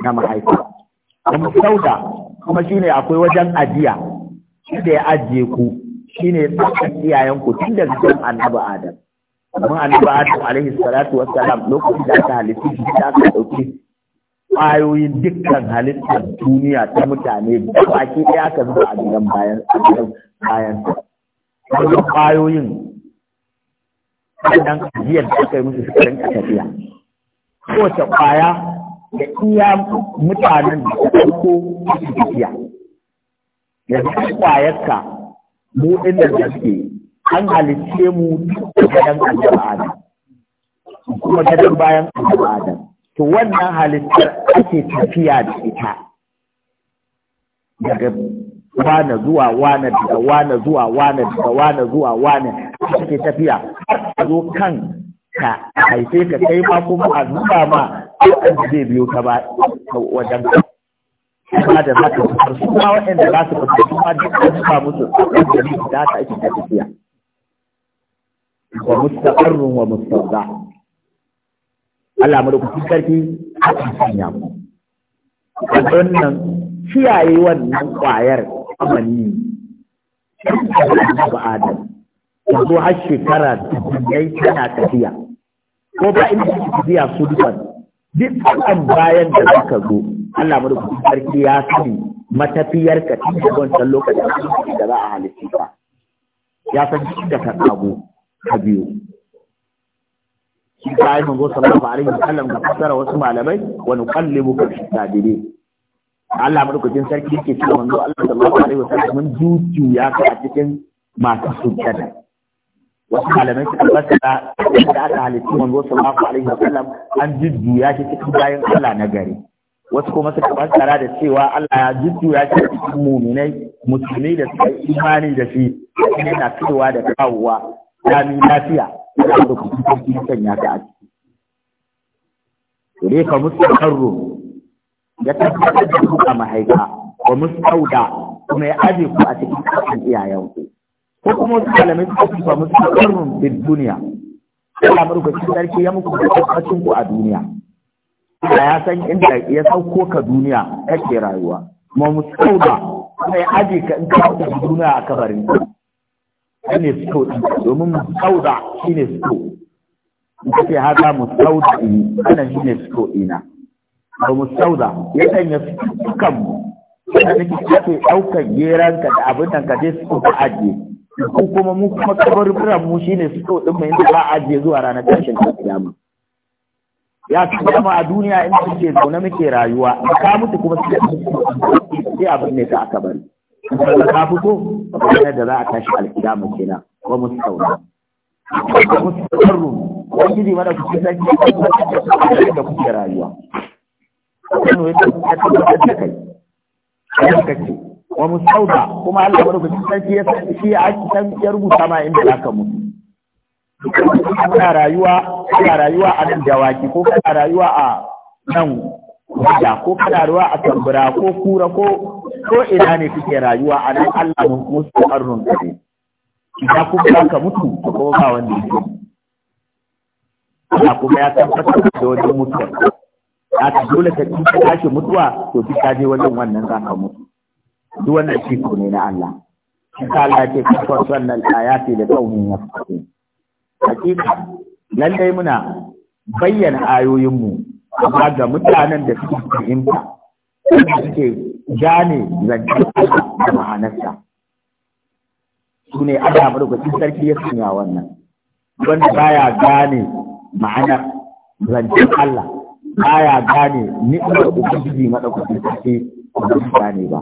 na mahaifa kuma sauda kuma shine akwai wajen ajiya shi da ya ajiye ku shine tsakan iyayen ku tun daga kan annabi Adam kuma annabi Adam alaihi salatu wassalam lokacin da aka halitta shi da aka ɗauki kwayoyin dukkan halittar duniya ta mutane baki ɗaya aka zuba a gidan bayan bayan kwayoyin wannan ajiyar da aka yi musu suka rinka tafiya kowace kwaya da iya mutanen da ta ɗauko su tafiya yanzu an ka mu ɗin da gaske an halicce mu da gadon annabi adam kuma gadon bayan annabi adam to wannan halittar ake tafiya da ita daga wane zuwa wane daga wane zuwa wane daga wane zuwa wane suke tafiya har a zo kan ka haife ka kai ma kuma a zuba ma waɗanda zai biyo ka ba wajen ka kuma da za ka fitar su ma waɗanda za su fitar su ma duk da zuba musu waɗanda ne da haka ake tafiya wa mustaqarrun wa mustaqda Allah madaukakin sarki haka sanya mu wannan kiyaye wannan ƙwayar amani ba adam yanzu har shekara dubbai tana tafiya ko ba inda suke tafiya su dukan duk an bayan da zaka zo Allah madaukakin sarki ya sani matafiyar ka tun da wancan lokacin da za a halitta ka ya san shi da ka tsago ka biyo shi ta yi manzo sallallahu alaihi wasallam ga fasara wasu malamai wa nuqallibu ka fi Allah madaukakin sarki yake cewa manzo Allah sallallahu alaihi wasallam mun ya ka a cikin masu sujjada wasu malamai suka fassara da aka halittu manzo sallallahu alaihi wasallam an ya ke cikin bayan Allah na gari wasu kuma suka fassara da cewa Allah ya ya ke cikin muminai musulmi da suka yi imani da shi yana fitowa da kawowa lami lafiya da kuma kuma sanya ta a ciki. musu karro ya tafiya da su a mahaifa wa sauda kuma ya aje ku a cikin kasan iyayenku ko kuma wasu malamai suka fi ba su karnun fil duniya Allah madaukakin sarki ya muku da kasan ku a duniya Allah ya san inda ya sauko ka duniya kake rayuwa ma sauda kuma ya aje ka in ka da duniya a kabarin ka shine sto domin mustauda shine sto in kace haza mustauda ina shine sto ina ba mu ya sanya sukan mu da nake kafe geran ka da abin nan ka je su ka ajiye ko kuma mu kuma kabar biran mu shine su to din mai da ba ajiye zuwa ranar tashin kiyama ya kuma a duniya in kike zo na muke rayuwa ka mutu kuma sai abin ne ka aka bari kuma ka fito kuma da za a tashi alkiyama kenan ko mu sauda wa mu sauda wani jiri mana kuke sake da kuke rayuwa kan wai ta tabbatar da kai kan kace wa musauda kuma Allah madaukakin sarki ya san shi ya san ya rubuta ma inda zaka mutu kana rayuwa kana rayuwa a nan dawaki ko kana rayuwa a nan wada ko kana rayuwa a tambura ko kura ko ko ina ne kike rayuwa a nan Allah mun musu arnun kare idan kuma zaka mutu ko ba wanda yake Allah kuma ya tabbatar da wajen mutuwa ka dole ka ci ka tashi mutuwa to duk ka je wajen wannan za ka mutu duk wannan shi ne na Allah shi ta Allah ce ka fasan ayati da kaumin ya fasu hakika lallai muna bayyana ayoyinmu amma ga mutanen da suke fahimta suke gane zancen da ma'anarsa su ne Allah madaukakin sarki ya sanya wannan wanda baya gane ma'anar zancen Allah baya gane ni'imar ubangiji madaukakin sarki ba su gane ba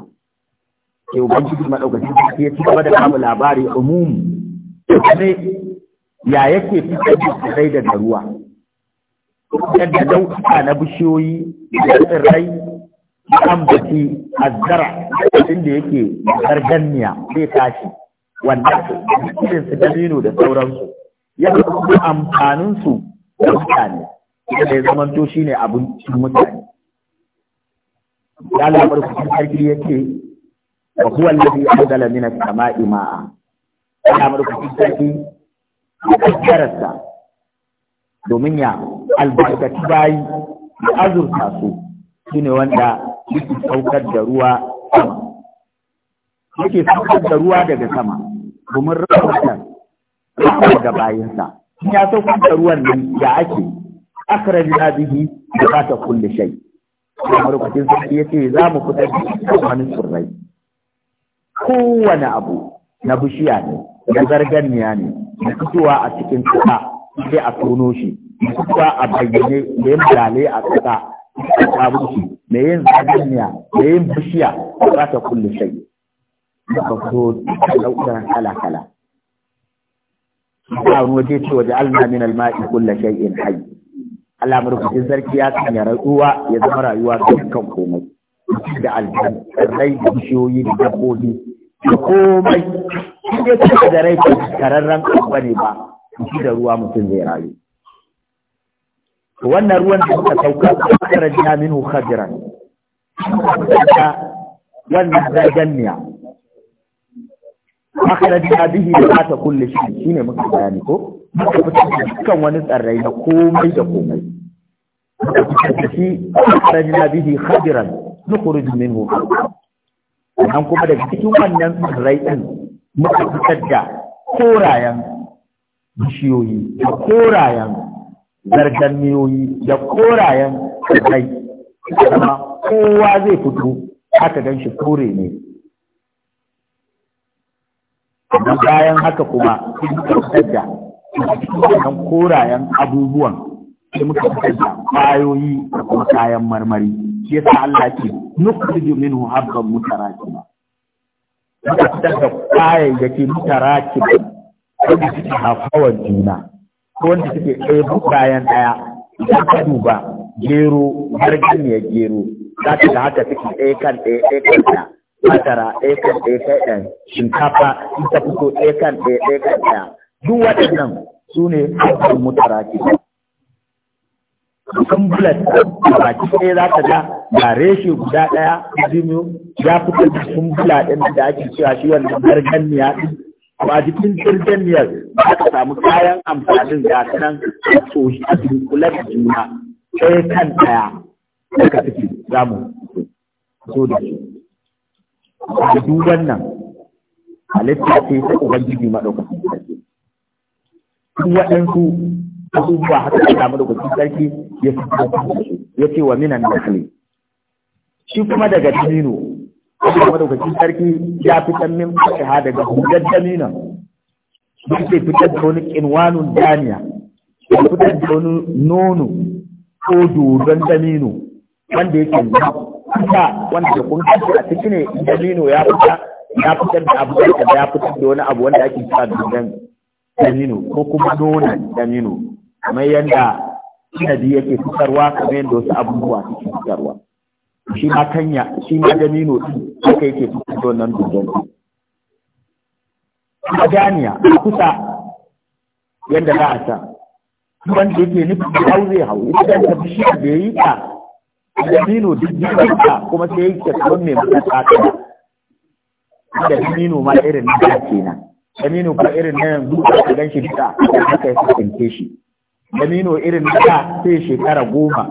ke ubangiji madaukakin sarki ya ci gaba da samu labari umum ne ya yake fitar da tsirrai da ruwa yadda dauka na bishiyoyi da tsirrai ambaci azzara inda yake garganniya zai tashi wanda irin su da sauransu ya amfanin su da mutane ita da ya zamanto shi ne abincin mutane ya lamar kusan sarki ya ce wa huwa ya anzala min mina samai ima'a. ya lamar kusan sarki ya domin ya albarkaci bayi ya azurta su ne wanda yake saukar da ruwa sama yake saukar da ruwa daga sama domin rahmatar rahmar da bayinsa in ya saukar da ruwan nan ya ake akhrajna bihi zakata kulli shay kamar kucin sarki yace za mu fitar da wani tsirrai kowane abu na bishiya ne na niya ne na fitowa a cikin kasa sai a tono shi na fitowa a bayyane da yin dalai a kasa a samu shi da yin niya da yin bishiya za ta kulle shai ka fito lauɗa kala-kala. Wani waje ce waje alna min alma'i kulle in hayy. Allah murkucin sarki ya sanya rantsuwa ya zama rayuwa ta dukkan komai da aljan rai da bishiyoyi da dabbobi da komai shi ne kuma da rai kararren abuwa ne ba shi da ruwa mutum zai rayu wannan ruwan da suka sauka a karar jami'in hukadiran wannan zaganniya akhrajna bihi da zata kulle shi shi shine muka bayani ko dukkan wani tsarrai na komai da komai muka shi na bihi khadiran jimin minhu an kuma daga cikin wannan tsarrai ɗin muka fitar da korayen bishiyoyi da korayen zarganniyoyi da korayen tsarrai kuma kowa zai fito haka gan shi kore ne sannan bayan haka kuma sai muka fitar da korayen abubuwan sai muka fitar da kwayoyi da kuma kayan marmari shi yasa Allah ke nukhriju minhu habban mutarakiba muka fitar da kayayyaki mutarakiba wanda suke hafawar juna ko wanda suke ɗaya bayan ɗaya idan ka duba gero har ya gero za ta da haka suke ɗaya kan ɗaya ɗaya kan ɗaya masara ɗaya kan ɗaya shinkafa in ta fito ɗaya kan ɗaya e, ɗaya kan ɗaya e. duk waɗannan su ne haƙƙin mutara ke kan bulat da baki ɗaya za ka ga ga reshe guda ɗaya zimiyo ya fito da sun bula ɗin da ake cewa shi wannan garganniya ɗin ba jikin garganniyar ba ka samu kayan amfanin ga nan a tsohi a dunkular juna ɗaya kan ɗaya daga ciki za mu so da shi da nan wannan halitta ce ta ubangiji maɗaukacin sarki duk waɗansu abubuwa haka da samu lokacin sarki ya fi ya ce wa minan nasli shi kuma daga damino Allah madaukakin sarki ya fitar min fatiha daga hujjar damino duk sai fitar da wani kinwanun daniya ya fitar da wani nono ko dodon damino wanda yake kusa wanda da kun a ciki ne dalino ya fita ya fitar da abu da ya fitar da wani abu wanda ake kira dalilan dalino ko kuma nuna dalino kamar yadda sanadi yake fitarwa kamar yadda wasu abubuwa suke fitarwa shi ma kanya shi ma dalino din haka yake fitar da wannan dalilan Madaniya kusa yadda za a sa wanda yake nufin hau zai hau ita da shi da ya yi ta dabino duk duka kuma sai yake kamar mai mutaka ta da dabino ma irin na kenan dabino kuma irin na yanzu ka gan shi duka haka ya tsinke shi dabino irin na sai shekara goma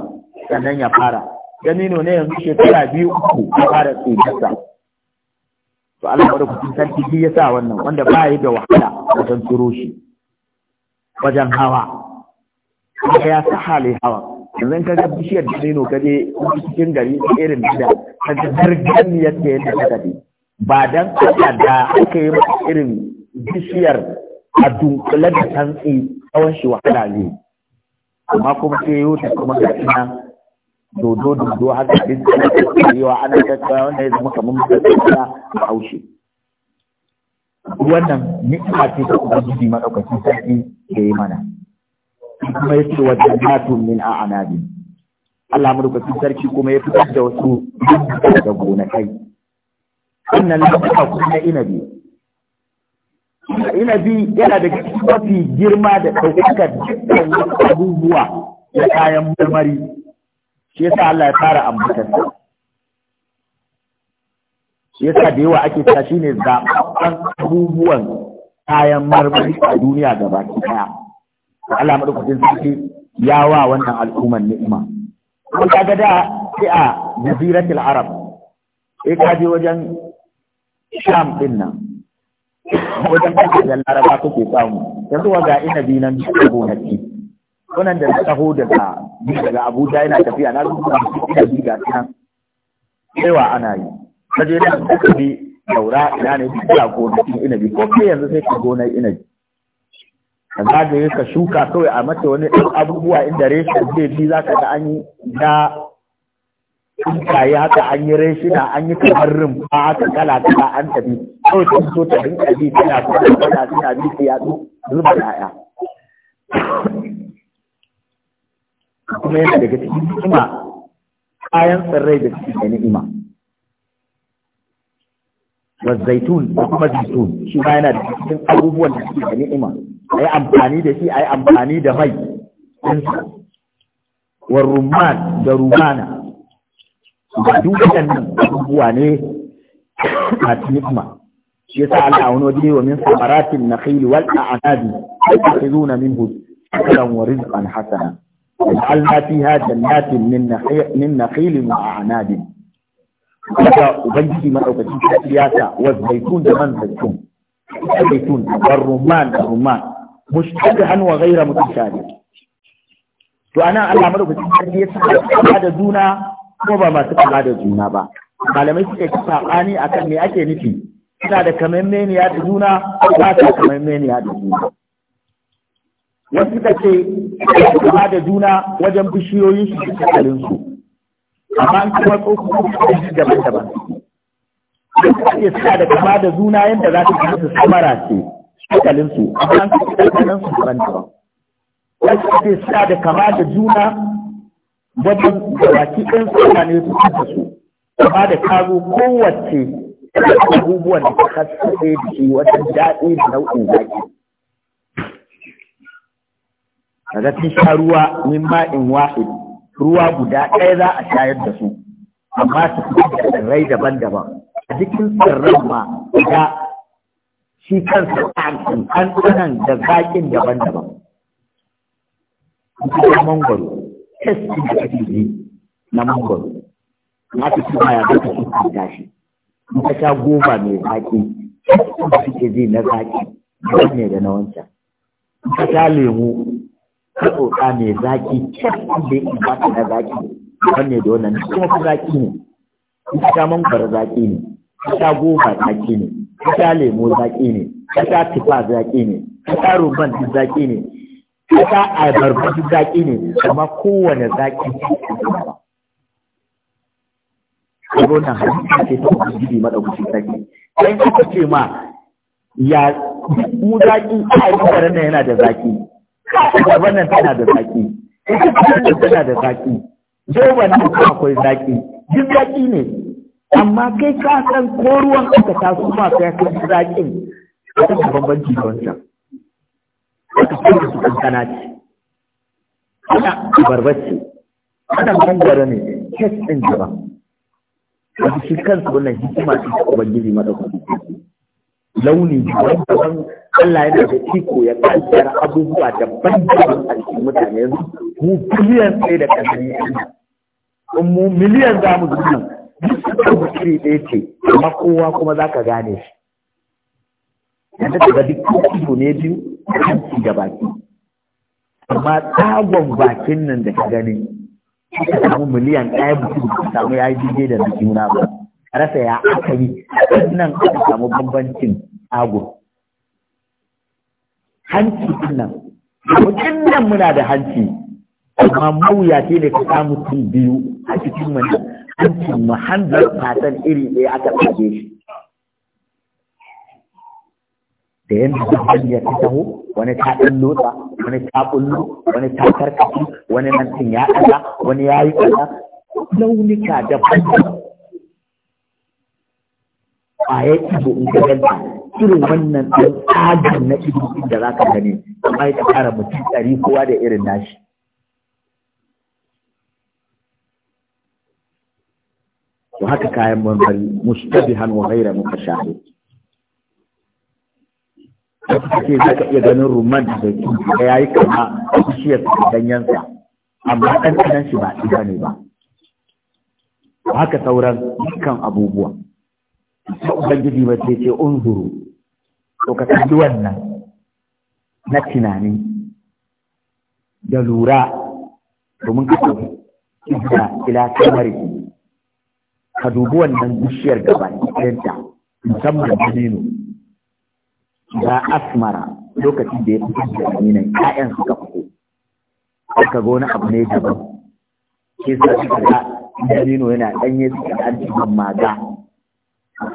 sannan ya fara dabino ne yanzu shekara biyu uku ya fara tsinarsa to Allah bari ku san shi ya sa wannan wanda ba yi da wahala wajen turo shi wajen hawa ya sa hali hawa yanzu ka ga bishiyar nino ka je cikin gari irin da ka ga zarganiyar da yadda ka tafi ba dan Allah da aka yi irin bishiyar a dunkule da tantsi tsawon shi wahala ne amma kuma sai yau ta kuma ga ina dodo dodo haka din yawa ana kakka wanda ya zama kamar mutum a haushe wannan ni'ima ce ta ubangiji madaukakin sarki ke yi mana kuma ya ce wa jannatun min a'anabi Allah rubuta sarki kuma ya fitar da wasu daga gonakai wannan lafiya kuma inabi inabi yana da mafi girma da ɗaukaka dukkan abubuwa da kayan marmari shi yasa Allah ya fara ambatarsa shi yasa da yawa ake shi shine zaɓaɓɓen abubuwan kayan marmari a duniya gaba ɗaya Allah madaukakin sarki ya wa wannan al'umman ni'ima kuma ga da sai a jaziratul arab sai ka je wajen sham din nan wajen da laraba kake samu yanzu wa ga inabi nan da gonaki wannan da taho daga daga abuja yana tafiya na zuwa da ga nan cewa ana yi kaje da ka bi daura ina ne da ina bi ko kai yanzu sai ka ina inabi ka zagaye ka shuka kawai a mata wani abubuwa inda reshen zai bi za ka ga an yi da tsuntsaye haka an yi reshina an yi kamar rumfa haka kala kala an tafi kawai ta so ta rinka bi tana kuma tana suna bi ta yatsu zuba ya'ya kuma yana daga cikin ni'ima kayan tsirrai da cikin ni'ima wa zaitun da kuma zaitun shi ma yana da cikin abubuwan da cikin ni'ima ay amfani da shi ay amfani da mai war rumman da rumana da dukkan abubuwa ne a tinikma shi yasa Allah wani waje wa min samaratin nakhil wal a'nabi ta'khuduna minhu sakaran wa rizqan hasana waj'alna fiha jannatin min nakhil min nakhil wa a'nabi kaga ubangiji ma daukaci ta siyasa wa zaitun da man zaitun zaitun war rumman da rumman mushtabihan wa ghayra mutashabih to ana Allah madaukakin sarki ya saba da juna ko ba masu kama da juna ba malamai suke ci sabani akan me ake nufi suna da kamaimeniya da juna ba ta kamaimeniya da juna wasu da ke kama da juna wajen bishiyoyin su da kalin su amma an kuma tsokokin su daban-daban. Wasu da ke suna da kama da juna yadda za ta kama su samara ce. hankalinsu a an kasu ɗanɗanan su ba daban wasu sai da kama da juna wajen da baki ɗin mutane su kanta su kama da karo kowace abubuwan da ka kasance da shi wajen daɗi da nau'in zaki A sun sha ruwa min ma'in wahid ruwa guda ɗaya za a shayar da su amma su fi da tsirrai daban-daban a cikin tsirran ma ga shi kansa tsanan da zaƙin daban-daban kuma mangwaro testin da ake yi na mangwaro na ta ci baya da ta ci tashi in ta sha goma mai zaƙi testin da suke zai na zaƙi don ne da na wancan in ta sha lemu ka tsotsa mai zaƙi testin da yake ba ta na zaƙi don ne da wannan kuma fi zaƙi ne in ta sha mangwaro zaƙi ne ka sha goma zaƙi ne ka lemo zaƙi ne ka sha tifa zaƙi ne ka rumban duk zaƙi ne ka sha albarba duk zaƙi ne kuma kowane zaƙi Kabo na halitta ce ta gidi maɗaukacin zaƙi. Sai kuka ce ma ya mu zaƙi a yi nan yana da zaƙi. Gaban nan tana da zaƙi. Ita tana da zaƙi. Zoban nan akwai zaƙi. Duk zaƙi ne. amma kai ka san ko ruwan aka su ba kai ka zaƙin ka ta bambanci da wancan ka kuma su kankana ce wata barbar ce wata gangara ne kes ɗin gaba wata shi su wannan hikima su ta ubangiji maɗaukaki launi daban-daban Allah yana da iko ya kaddara abubuwa daban-daban a cikin mutane mu biliyan tsaye da ƙasar in mu miliyan za mu zuwa duk ɗaya ce amma kowa kuma za ka gane shi yadda ga duk ido ne biyu hanci da baki amma tagon bakin nan da ka gani ka samu miliyan ɗaya mutum ka samu ya yi daidai da juna ba rasa ya aka yi nan aka samu bambancin tsago hanci din nan mutum nan muna da hanci amma mawuyaci ne ka samu tun biyu a cikin mu hancin muhammad hanzar fatan iri ɗaya aka ɗauke shi da yadda zafin ya ta taho wani ta ɗan lotsa wani ta ɓullo wani ta karkaci wani nan tun ya ɗaga wani ya yi ɗaga launika A ƙwayar ido in ka irin wannan ɗan tsagen na ido da za ka gani amma ya ƙara mutum ɗari kowa da irin nashi haka kayan marmari mustabihan wa ghaira mukashahi ce za ka iya ganin rumman da zai da ya yi kama bishiyar da ganyensa amma ɗanɗanan shi ba ɗiga ne ba haka sauran dukkan abubuwa ta ubangiji ba sai ce zuru. to ka kalli wannan na tunani da lura domin ka tafi ila ila kamar ka dubi wannan bishiyar gaba ɗayanta musamman nino da asmara lokacin da ya fitar da aminan ƴaƴan suka fito aka ga wani abu ne daban ke sa suka ga dabino yana ɗanye suka ga an maga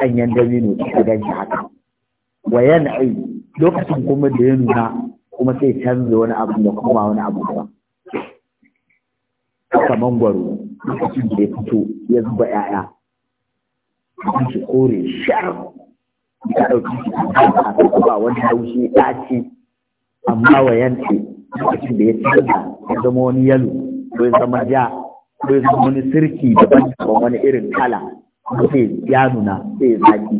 ɗanyen dabino suka gan shi haka wa yan'i lokacin kuma da ya nuna kuma sai canza wani abu da kuma wani abu daban kamar gwaro lokacin da ya fito ya zuba 'ya'ya su kore shar ta ɗauki shi a ba wani haushi ɗaci amma wa yanci lokacin da ya canza ya zama wani yalo ko ya zama ja ko ya zama wani sirki daban daban wani irin kala ko sai ya nuna sai ya zaki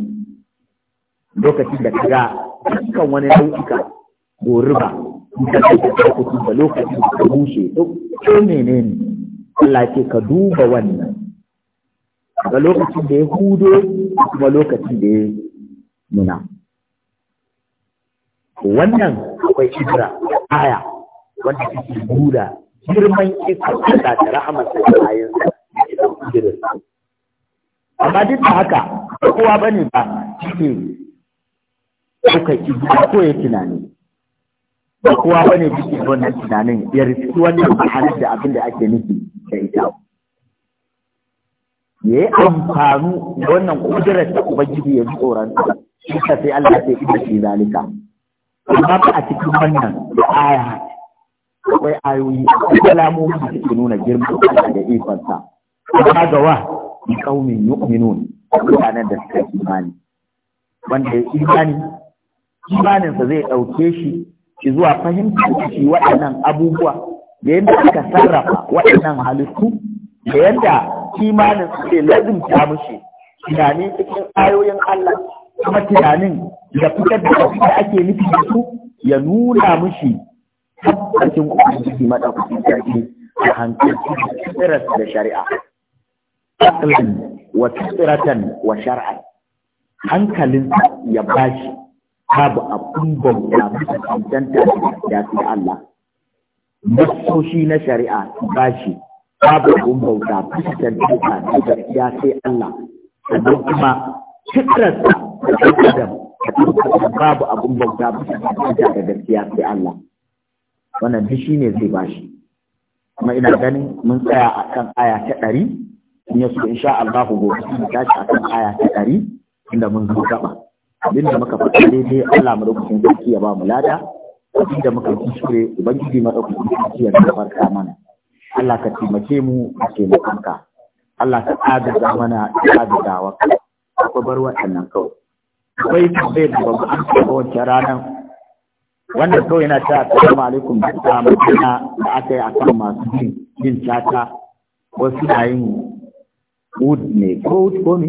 lokacin da kaga dukkan wani nau'ika goruba ka ɗauki ɗauki da lokacin da ka bushe duk ko menene Allah ce ka duba wannan ga lokacin da ya hudo kuma lokacin da ya nuna wannan akwai ibra aya wanda suke nuna girman ikon Allah da rahamarsa da ayansa amma duk da haka kowa bane ba shi suka ibra ko ya tunani ba kowa bane da ke wannan tunanin ya rufi wannan ma'anar da abin da ake nufi da ita ya yi amfanu wannan kudurar kuma ubangiji ya ji tsoron ka sai Allah sai ita ce zalika amma ba a cikin wannan aya akwai ayoyi akwai kalamomi da suke nuna girman da ikonsa amma ga wa bi qaumin a mutanen da suka imani wanda ya imani imaninsa zai ɗauke shi shi zuwa fahimtar shi waɗannan abubuwa da yadda aka sarrafa waɗannan halittu da yadda Kimanin su ke lazimta mushi tunani cikin ayoyin Allah kuma tunanin da fitar da abin ake nufi da su ya nuna mushi tabbacin ubangiji madaukakin sarki a hankalci da da shari'a aqlan wa tsiratan wa shar'an su ya bashi babu abin bauta masa cancanta da su Allah nasoshi na shari'a bashi babu abun bauta fuskar duka da gaskiya sai Allah da kuma fitrarsa da ɗan adam babu abun bauta fuskar duka da gaskiya sai Allah wannan duk shi ne zai bashi kuma ina ganin mun tsaya akan kan aya ta ɗari in yasu in insha Allah gobe mun tashi a aya ta ɗari inda mun zo gaba da muka faɗa daidai Allah madaukakin sarki ya ba mu lada da muka kuskure ubangiji madaukakin sarki ya farka mana Allah ka taimake mu a taimakonka Allah ka agaza mana agazawa ka bar waɗannan kawai akwai tambayar da babu an taɓa wancan ranar wannan kawai yana ta assalamu alaikum da ta magana da aka yi a kan masu jin jin cata wasu na yin wood ne ko eh? wood ko ne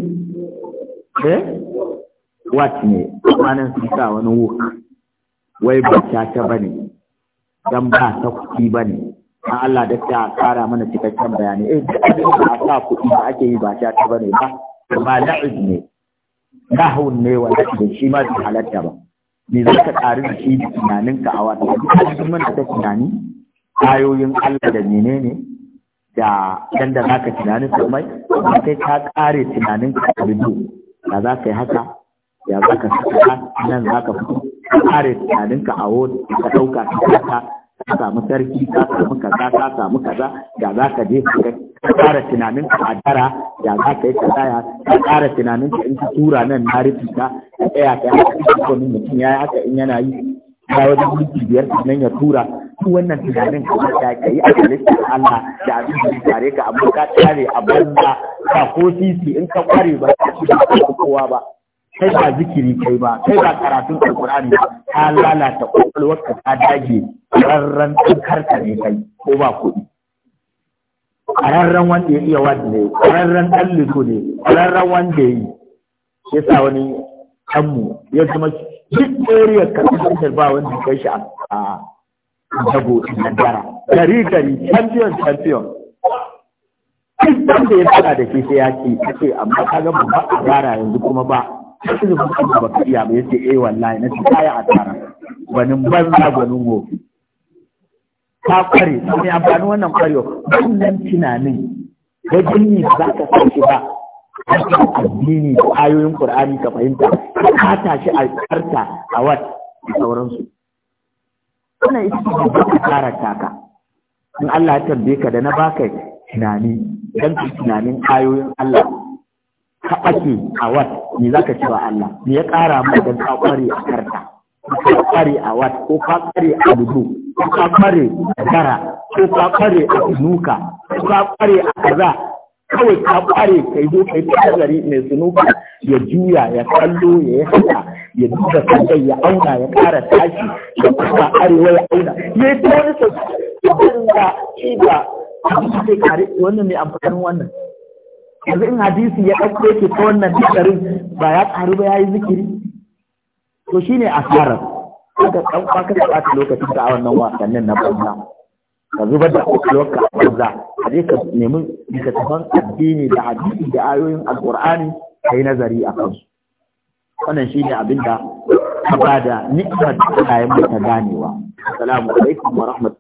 eh wat ne ranar sun sa wani wuk wai ba cata ba ne don ba ta kuɗi ba ne A Allah da ta kara mana cikakken bayani eh duk da sa kuɗi da ake yi ba ta ba ne ba kuma la'ib ne nahun ne wanda shi ma bai halatta ba me za ka ƙari da shi tunanin ka a wata duk mana ta tunani ayoyin Allah da menene da dan da zaka tunani sa mai kai ka kare tunanin ka a bidu da za ka yi haka ya za ka saka nan za ka fito ƙare tunanin ka a wani ka ɗauka ka ka samu sarki ka samu kaza ka samu kaza da za ka je ka ƙara tunanin ka a dara da za ka yi kaza ya ka ƙara tunanin ka in ka tura nan na rubuta ka tsaya ka yi haka mutum ya yi haka in yana yi ya wajen minti biyar nan ya tura su wannan tunanin kuma ta ka yi a halittar Allah da abin da tare ka abu ka tare a banza ka ko sisi in ka ƙware ba ka ci da kowa ba kai ba zikiri kai ba kai ba karatun alkur'ani ta lalata lalata ka ta dage rarran karka ne kai ko ba kuɗi ƙararren wanda ya iya wanda ya ƙararren ɗan lito ne ƙararren wanda ya yi ya sa wani kanmu ya zama duk ɗoriyar karfin ba wanda kai shi a jago na dara gari gari champion champion duk da ya fara da shi sai ya ce amma ka ga ba a gara yanzu kuma ba ta da zuwa kan ba iya ba yace eh wallahi na ce kaya a tara gwanin banza gwanin ho Ka kware mai amfani wannan kwarewa wannan tunanin wajen yi za ka sauke ba addini da ayoyin qur'ani ka fahimta ka tashi a karta a wat da sauransu wannan ita ce babbar tsara taka in Allah ya tambaye ka da na baka tunani dan tunanin ayoyin Allah ka a wat me za ka cewa Allah me ya ƙara ma don ka ƙware a karta ka ƙware a wat ko ka a lubu ko ka ƙware a gara ko ka a sunuka ko ka a kaza kawai ka ƙware kai zo kai tazari mai sunuka ya juya ya kallo ya yi haka ya duba sandan ya auna ya ƙara tashi ya kuma ya auna ya yi ta wani ya ba kare wannan ne amfanin wannan yanzu in hadisi ya ɗauko yake ta wannan dikarin ba ya ƙaru ba ya yi zikiri to shine asarar kada ɗan ka da ɓata lokacin ka a wannan wasannin na banza ka zubar da kwakwalwarka a banza a je ka nemi littattafan addini da hadisi da ayoyin alƙur'ani ka yi nazari a kansu wannan shine abin da ka ba da ni'imar da ta ganewa assalamu alaikum wa